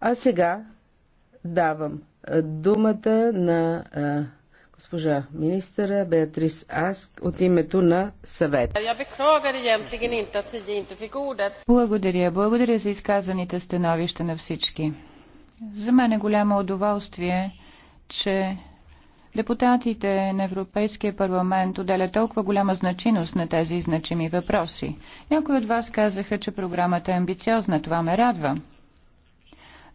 А сега давам думата на госпожа министъра Беатрис Аск от името на съвет. Благодаря, благодаря за изказаните становища на всички. За мен е голямо удоволствие, че депутатите на Европейския парламент отделя толкова голяма значимост на тези значими въпроси. Някои от вас казаха, че програмата е амбициозна. Това ме радва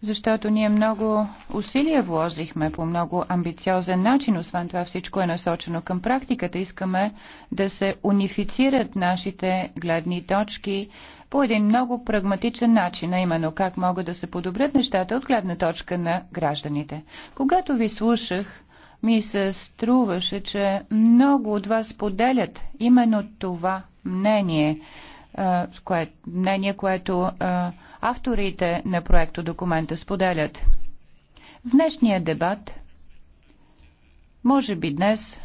защото ние много усилия вложихме по много амбициозен начин. Освен това всичко е насочено към практиката. Искаме да се унифицират нашите гледни точки по един много прагматичен начин, а именно как могат да се подобрят нещата от гледна точка на гражданите. Когато ви слушах, ми се струваше, че много от вас поделят именно това мнение, кое, мнение, което авторите на проекто документа споделят. В днешния дебат, може би днес,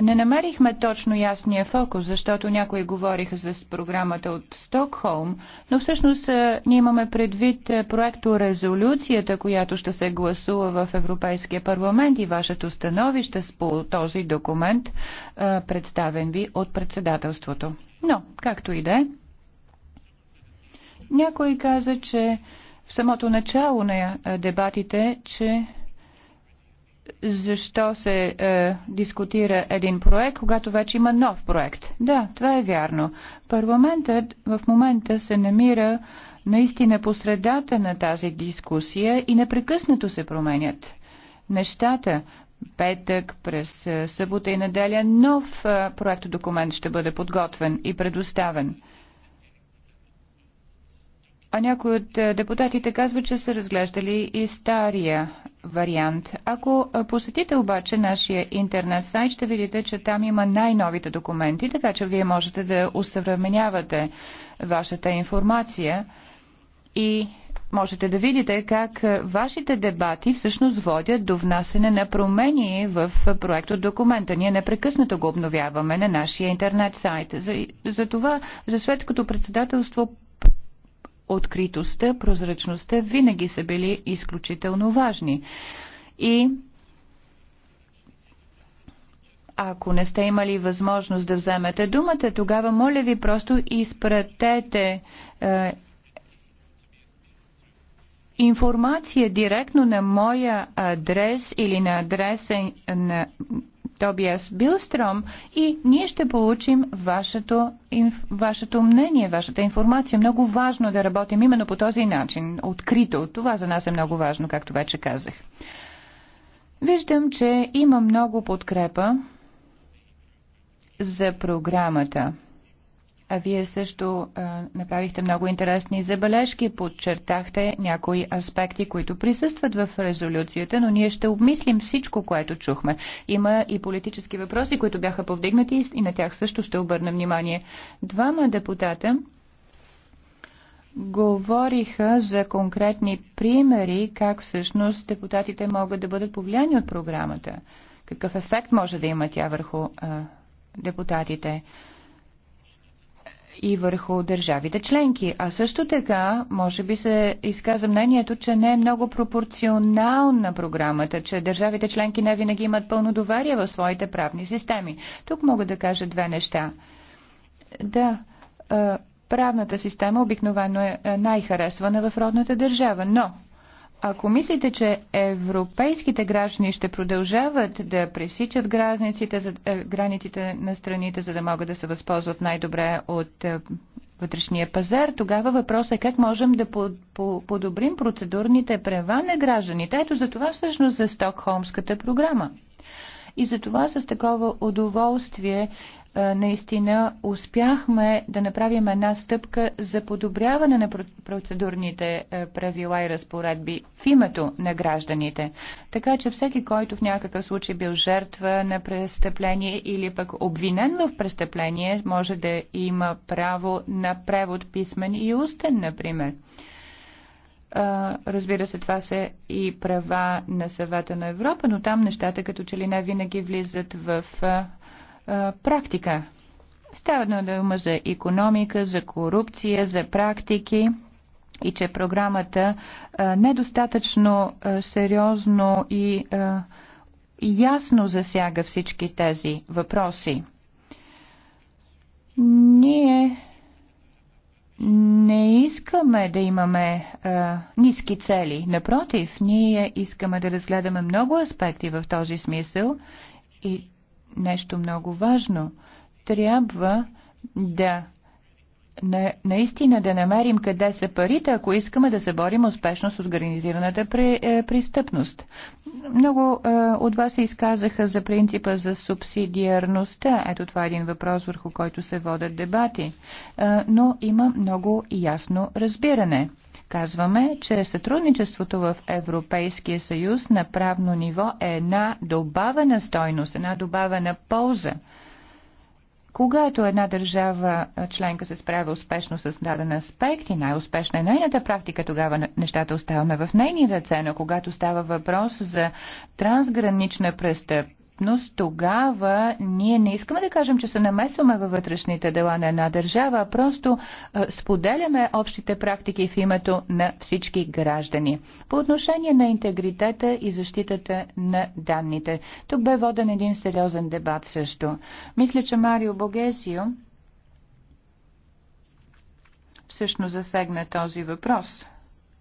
не намерихме точно ясния фокус, защото някои говориха за програмата от Стокхолм, но всъщност ние имаме предвид проекто резолюцията, която ще се гласува в Европейския парламент и вашето становище по този документ, представен ви от председателството. Но, както и да е, някой каза, че в самото начало на е, дебатите, че защо се е, дискутира един проект, когато вече има нов проект. Да, това е вярно. Парламентът в момента се намира наистина по средата на тази дискусия и непрекъснато се променят нещата. Петък, през е, събота и неделя нов е, проект документ ще бъде подготвен и предоставен. А някои от е, депутатите казват, че са разглеждали и стария вариант. Ако е, посетите обаче нашия интернет сайт, ще видите, че там има най-новите документи, така че вие можете да усъвременявате вашата информация и можете да видите как е, вашите дебати всъщност водят до внасене на промени в проекто документа. Ние непрекъснато го обновяваме на нашия интернет сайт. За, за това, за като председателство откритостта, прозрачността винаги са били изключително важни. И ако не сте имали възможност да вземете думата, тогава моля ви просто изпратете е, информация директно на моя адрес или на адреса на Тобиас Билстром и ние ще получим вашето, инф, вашето мнение, вашата информация. Много важно да работим именно по този начин, открито. Това за нас е много важно, както вече казах. Виждам, че има много подкрепа за програмата. А вие също а, направихте много интересни забележки, подчертахте някои аспекти, които присъстват в резолюцията, но ние ще обмислим всичко, което чухме. Има и политически въпроси, които бяха повдигнати и на тях също ще обърна внимание. Двама депутата говориха за конкретни примери, как всъщност депутатите могат да бъдат повлияни от програмата. Какъв ефект може да има тя върху а, депутатите? и върху държавите членки. А също така, може би се изказа мнението, че не е много пропорционална програмата, че държавите членки не винаги имат пълно доверие в своите правни системи. Тук мога да кажа две неща. Да, правната система обикновено е, е най-харесвана в родната държава, но ако мислите, че европейските граждани ще продължават да пресичат границите, е, границите на страните, за да могат да се възползват най-добре от е, вътрешния пазар, тогава въпросът е как можем да подобрим процедурните права на гражданите. Ето за това всъщност за Стокхолмската програма. И за това с такова удоволствие наистина успяхме да направим една стъпка за подобряване на процедурните е, правила и разпоредби в името на гражданите. Така че всеки, който в някакъв случай бил жертва на престъпление или пък обвинен в престъпление, може да има право на превод писмен и устен, например. Разбира се, това са и права на съвета на Европа, но там нещата като че ли не винаги влизат в практика. Става дума за економика, за корупция, за практики и че програмата недостатъчно сериозно и ясно засяга всички тези въпроси. Ние не искаме да имаме а, ниски цели. Напротив, ние искаме да разгледаме много аспекти в този смисъл и нещо много важно. Трябва да на, наистина да намерим къде са парите, ако искаме да се борим успешно с организираната при, е, престъпност. Много е, от вас се изказаха за принципа за субсидиарността. Ето това е един въпрос, върху който се водят дебати. Е, но има много ясно разбиране. Казваме, че сътрудничеството в Европейския съюз на правно ниво е една добавена стойност, една добавена полза. Когато една държава членка се справя успешно с даден аспект и най-успешна е нейната практика, тогава нещата оставаме в нейни ръце, но когато става въпрос за трансгранична престъп престъпност, тогава ние не искаме да кажем, че се намесваме във вътрешните дела на една държава, а просто споделяме общите практики в името на всички граждани. По отношение на интегритета и защитата на данните. Тук бе воден един сериозен дебат също. Мисля, че Марио Богесио всъщност засегна този въпрос –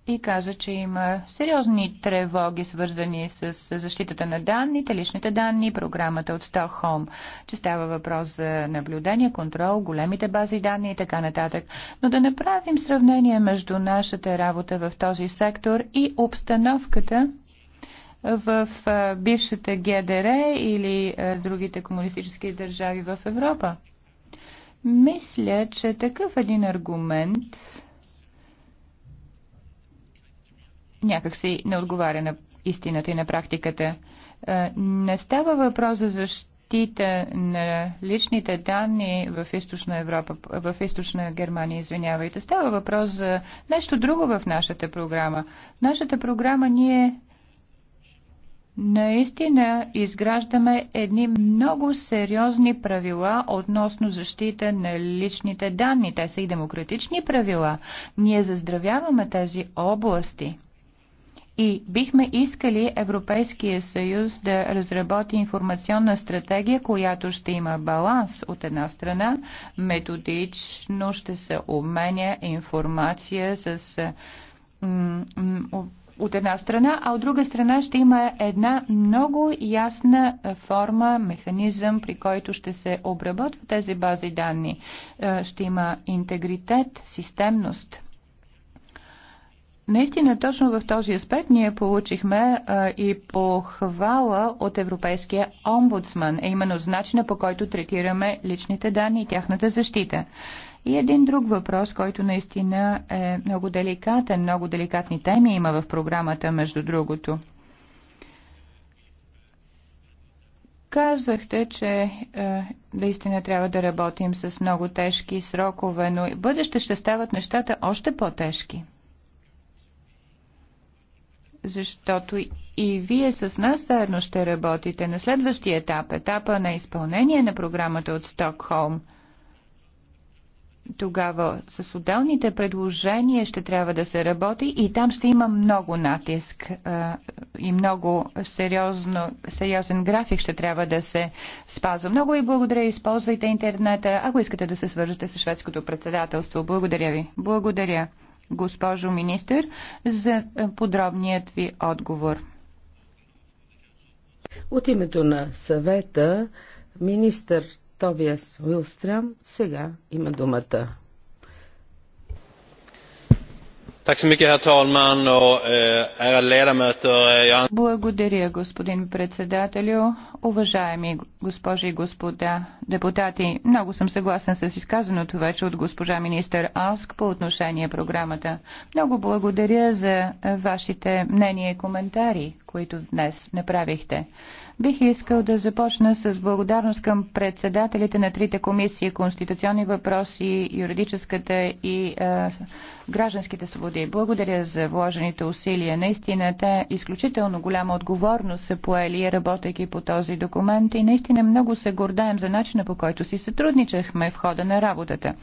и каза, че има сериозни тревоги, свързани с защитата на данните, личните данни, програмата от Stockholm, че става въпрос за наблюдение, контрол, големите бази данни и така нататък. Но да направим сравнение между нашата работа в този сектор и обстановката в бившата ГДР или другите комунистически държави в Европа. Мисля, че такъв един аргумент някакси не отговаря на истината и на практиката. Е, не става въпрос за защита на личните данни в източна Европа, в източна Германия, извинявайте. Става въпрос за нещо друго в нашата програма. В нашата програма ние наистина изграждаме едни много сериозни правила относно защита на личните данни. Те са и демократични правила. Ние заздравяваме тези области. И бихме искали Европейския съюз да разработи информационна стратегия, която ще има баланс от една страна, методично ще се обменя информация с от една страна, а от друга страна ще има една много ясна форма, механизъм, при който ще се обработват тези бази данни. Е, ще има интегритет, системност. Наистина, точно в този аспект ние получихме а, и похвала от Европейския омбудсман, е именно значина начина по който третираме личните данни и тяхната защита. И един друг въпрос, който наистина е много деликатен, много деликатни теми има в програмата, между другото. Казахте, че е, наистина трябва да работим с много тежки срокове, но в бъдеще ще стават нещата още по-тежки защото и вие с нас заедно ще работите на следващия етап, етапа на изпълнение на програмата от Стокхолм. Тогава с отделните предложения ще трябва да се работи и там ще има много натиск а, и много сериозно, сериозен график ще трябва да се спазва. Много ви благодаря. Използвайте интернета, ако искате да се свържете с шведското председателство. Благодаря ви. Благодаря госпожо министър, за подробният ви отговор. От името на съвета, министър Тобиас Уилстрам сега има думата. Eh, eh, благодаря, господин председателю. Уважаеми госпожи и господа депутати, много съм съгласен с изказаното вече от госпожа министър Аск по отношение програмата. Много благодаря за вашите мнения и коментари, които днес направихте. Бих искал да започна с благодарност към председателите на трите комисии Конституционни въпроси, юридическата и е, гражданските свободи. Благодаря за вложените усилия. Наистина те изключително голяма отговорност са поели, работейки по този документ и наистина много се гордаем за начина по който си сътрудничахме в хода на работата.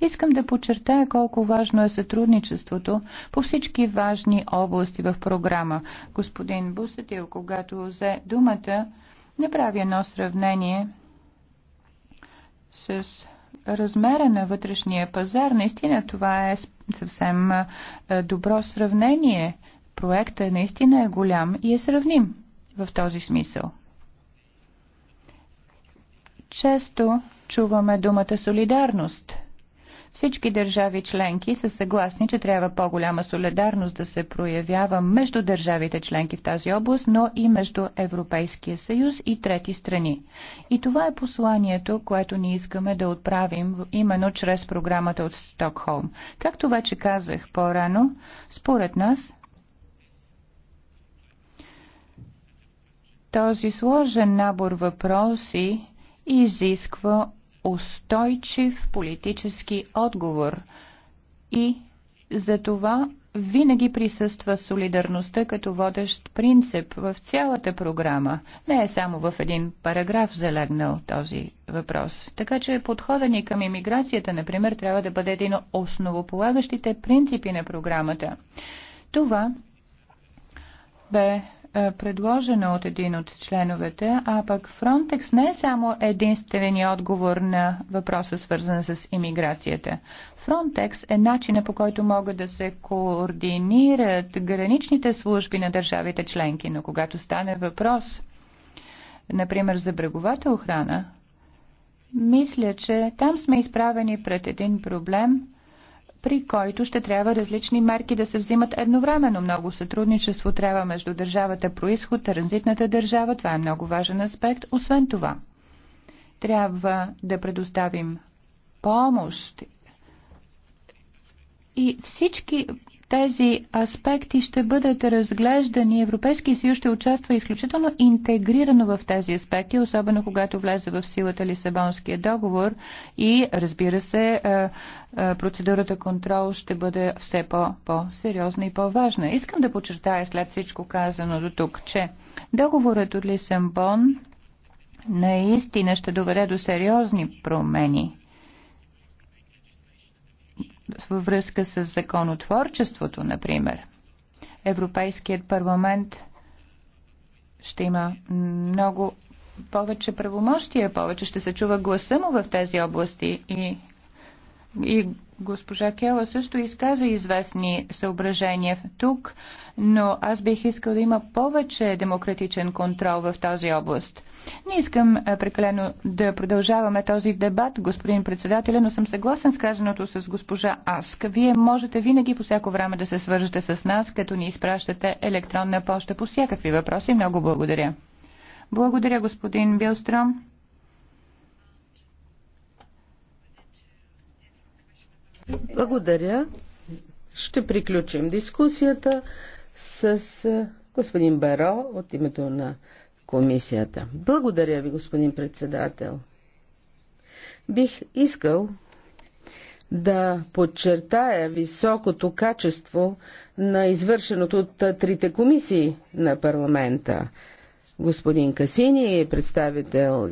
Искам да подчертая колко важно е сътрудничеството по всички важни области в програма. Господин Бусетил, когато взе думата, направи едно сравнение с размера на вътрешния пазар, наистина това е съвсем добро сравнение. Проектът наистина е голям и е сравним в този смисъл. Често чуваме думата солидарност – всички държави членки са съгласни, че трябва по-голяма солидарност да се проявява между държавите членки в тази област, но и между Европейския съюз и трети страни. И това е посланието, което ни искаме да отправим именно чрез програмата от Стокхолм. Както вече казах по-рано, според нас този сложен набор въпроси изисква устойчив политически отговор и за това винаги присъства солидарността като водещ принцип в цялата програма. Не е само в един параграф залегнал този въпрос. Така че подхода ни към иммиграцията, например, трябва да бъде един от основополагащите принципи на програмата. Това бе е, предложено от един от членовете, а пък Фронтекс не е само единствения отговор на въпроса, свързан с иммиграцията. Фронтекс е начина по който могат да се координират граничните служби на държавите членки, но когато стане въпрос, например, за бреговата охрана, мисля, че там сме изправени пред един проблем – при който ще трябва различни мерки да се взимат едновременно. Много сътрудничество трябва между държавата происход, транзитната държава. Това е много важен аспект. Освен това, трябва да предоставим помощ и всички тези аспекти ще бъдат разглеждани. Европейския съюз ще участва изключително интегрирано в тези аспекти, особено когато влезе в силата Лисабонския договор и, разбира се, е, е, процедурата контрол ще бъде все по-сериозна -по и по-важна. Искам да подчертая след всичко казано до тук, че договорът от Лисабон наистина ще доведе до сериозни промени във връзка с законотворчеството, например. Европейският парламент ще има много повече правомощия, повече ще се чува гласа му в тези области и, и госпожа Кела също изказа известни съображения тук, но аз бих искал да има повече демократичен контрол в тази област – не искам е, прекалено да продължаваме този дебат, господин председателя, но съм съгласен с казаното с госпожа Аск. Вие можете винаги по всяко време да се свържете с нас, като ни изпращате електронна почта по всякакви въпроси. Много благодаря. Благодаря, господин Билстром. Благодаря. Ще приключим дискусията с е, господин Беро от името на комисията. Благодаря ви, господин председател. Бих искал да подчертая високото качество на извършеното от трите комисии на парламента. Господин Касини е представител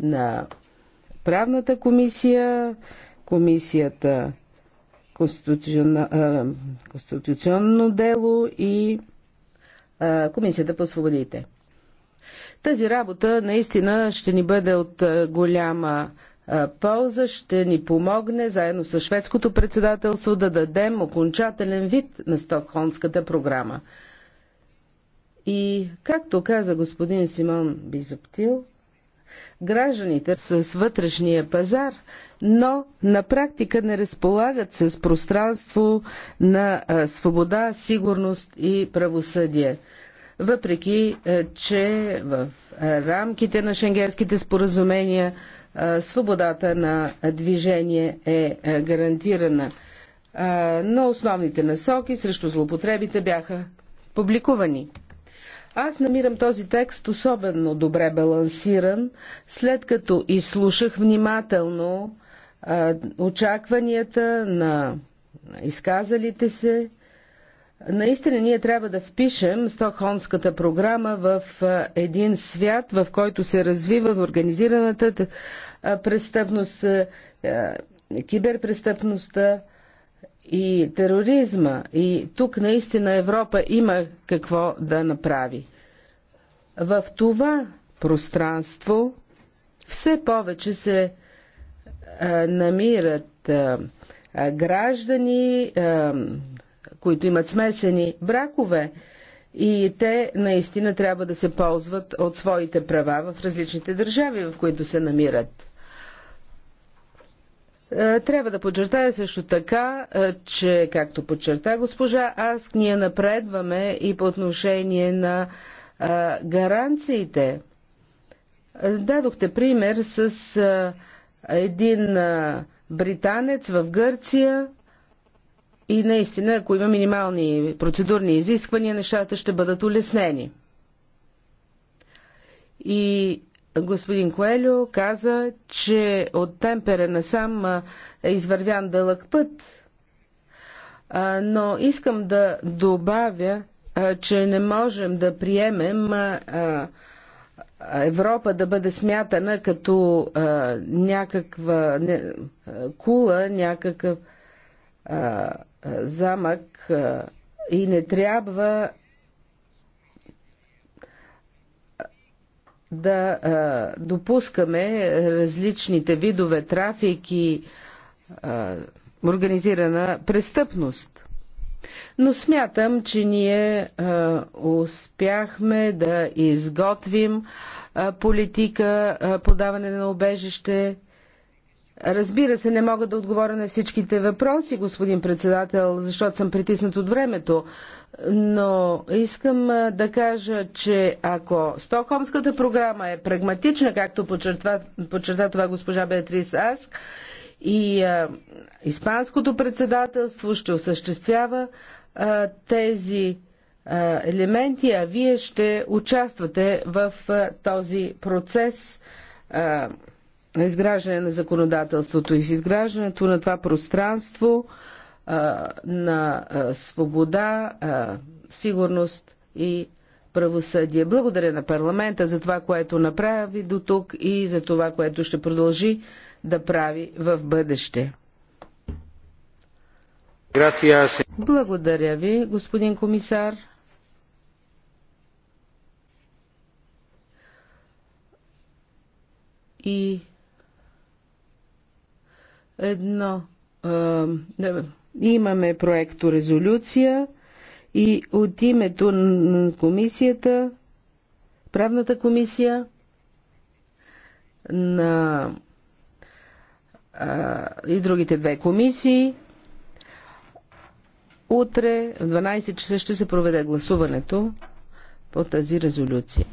на правната комисия, комисията конституционно, дело и Комисията по свободите. Тази работа наистина ще ни бъде от е, голяма е, полза, ще ни помогне заедно с шведското председателство да дадем окончателен вид на Стокхолмската програма. И, както каза господин Симон Бизоптил, гражданите са с вътрешния пазар, но на практика не разполагат с пространство на е, свобода, сигурност и правосъдие въпреки е, че в е, рамките на шенгенските споразумения е, свободата на движение е гарантирана. Но основните насоки срещу злопотребите бяха публикувани. Аз намирам този текст особено добре балансиран, след като изслушах внимателно очакванията на изказалите се, Наистина ние трябва да впишем Стокхолмската програма в един свят, в който се развива организираната престъпност, киберпрестъпността и тероризма. И тук наистина Европа има какво да направи. В това пространство все повече се намират граждани, които имат смесени бракове и те наистина трябва да се ползват от своите права в различните държави, в които се намират. Е, трябва да подчертая също така, е, че, както подчерта госпожа Аск, ние напредваме и по отношение на е, гаранциите. Дадохте пример с един британец в Гърция, и наистина, ако има минимални процедурни изисквания, нещата ще бъдат улеснени. И господин Коелю каза, че от темпере насам е извървян дълъг път, но искам да добавя, че не можем да приемем Европа да бъде смятана като някаква кула, някакъв а, замък а, и не трябва да а, допускаме различните видове трафик и а, организирана престъпност. Но смятам, че ние а, успяхме да изготвим а, политика а, подаване на обежище, Разбира се, не мога да отговоря на всичките въпроси, господин председател, защото съм притиснат от времето, но искам да кажа, че ако Стокхомската програма е прагматична, както подчерта, подчерта това госпожа Беатрис Аск, и а, Испанското председателство ще осъществява а, тези а, елементи, а вие ще участвате в а, този процес. А, на изграждане на законодателството и в изграждането на това пространство на свобода, сигурност и правосъдие. Благодаря на парламента за това, което направи до тук и за това, което ще продължи да прави в бъдеще. Благодаря ви, господин комисар. И Едно. Имаме проекто резолюция и от името на комисията, правната комисия на а, и другите две комисии. Утре в 12 часа ще се проведе гласуването по тази резолюция.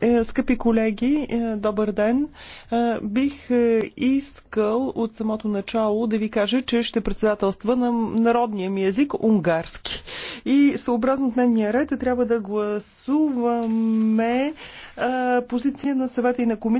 Е, скъпи колеги, е, добър ден! Е, бих искал от самото начало да ви кажа, че ще председателства на народния ми език унгарски. И съобразно дневния ред трябва да гласуваме позиция на съвета и на комисията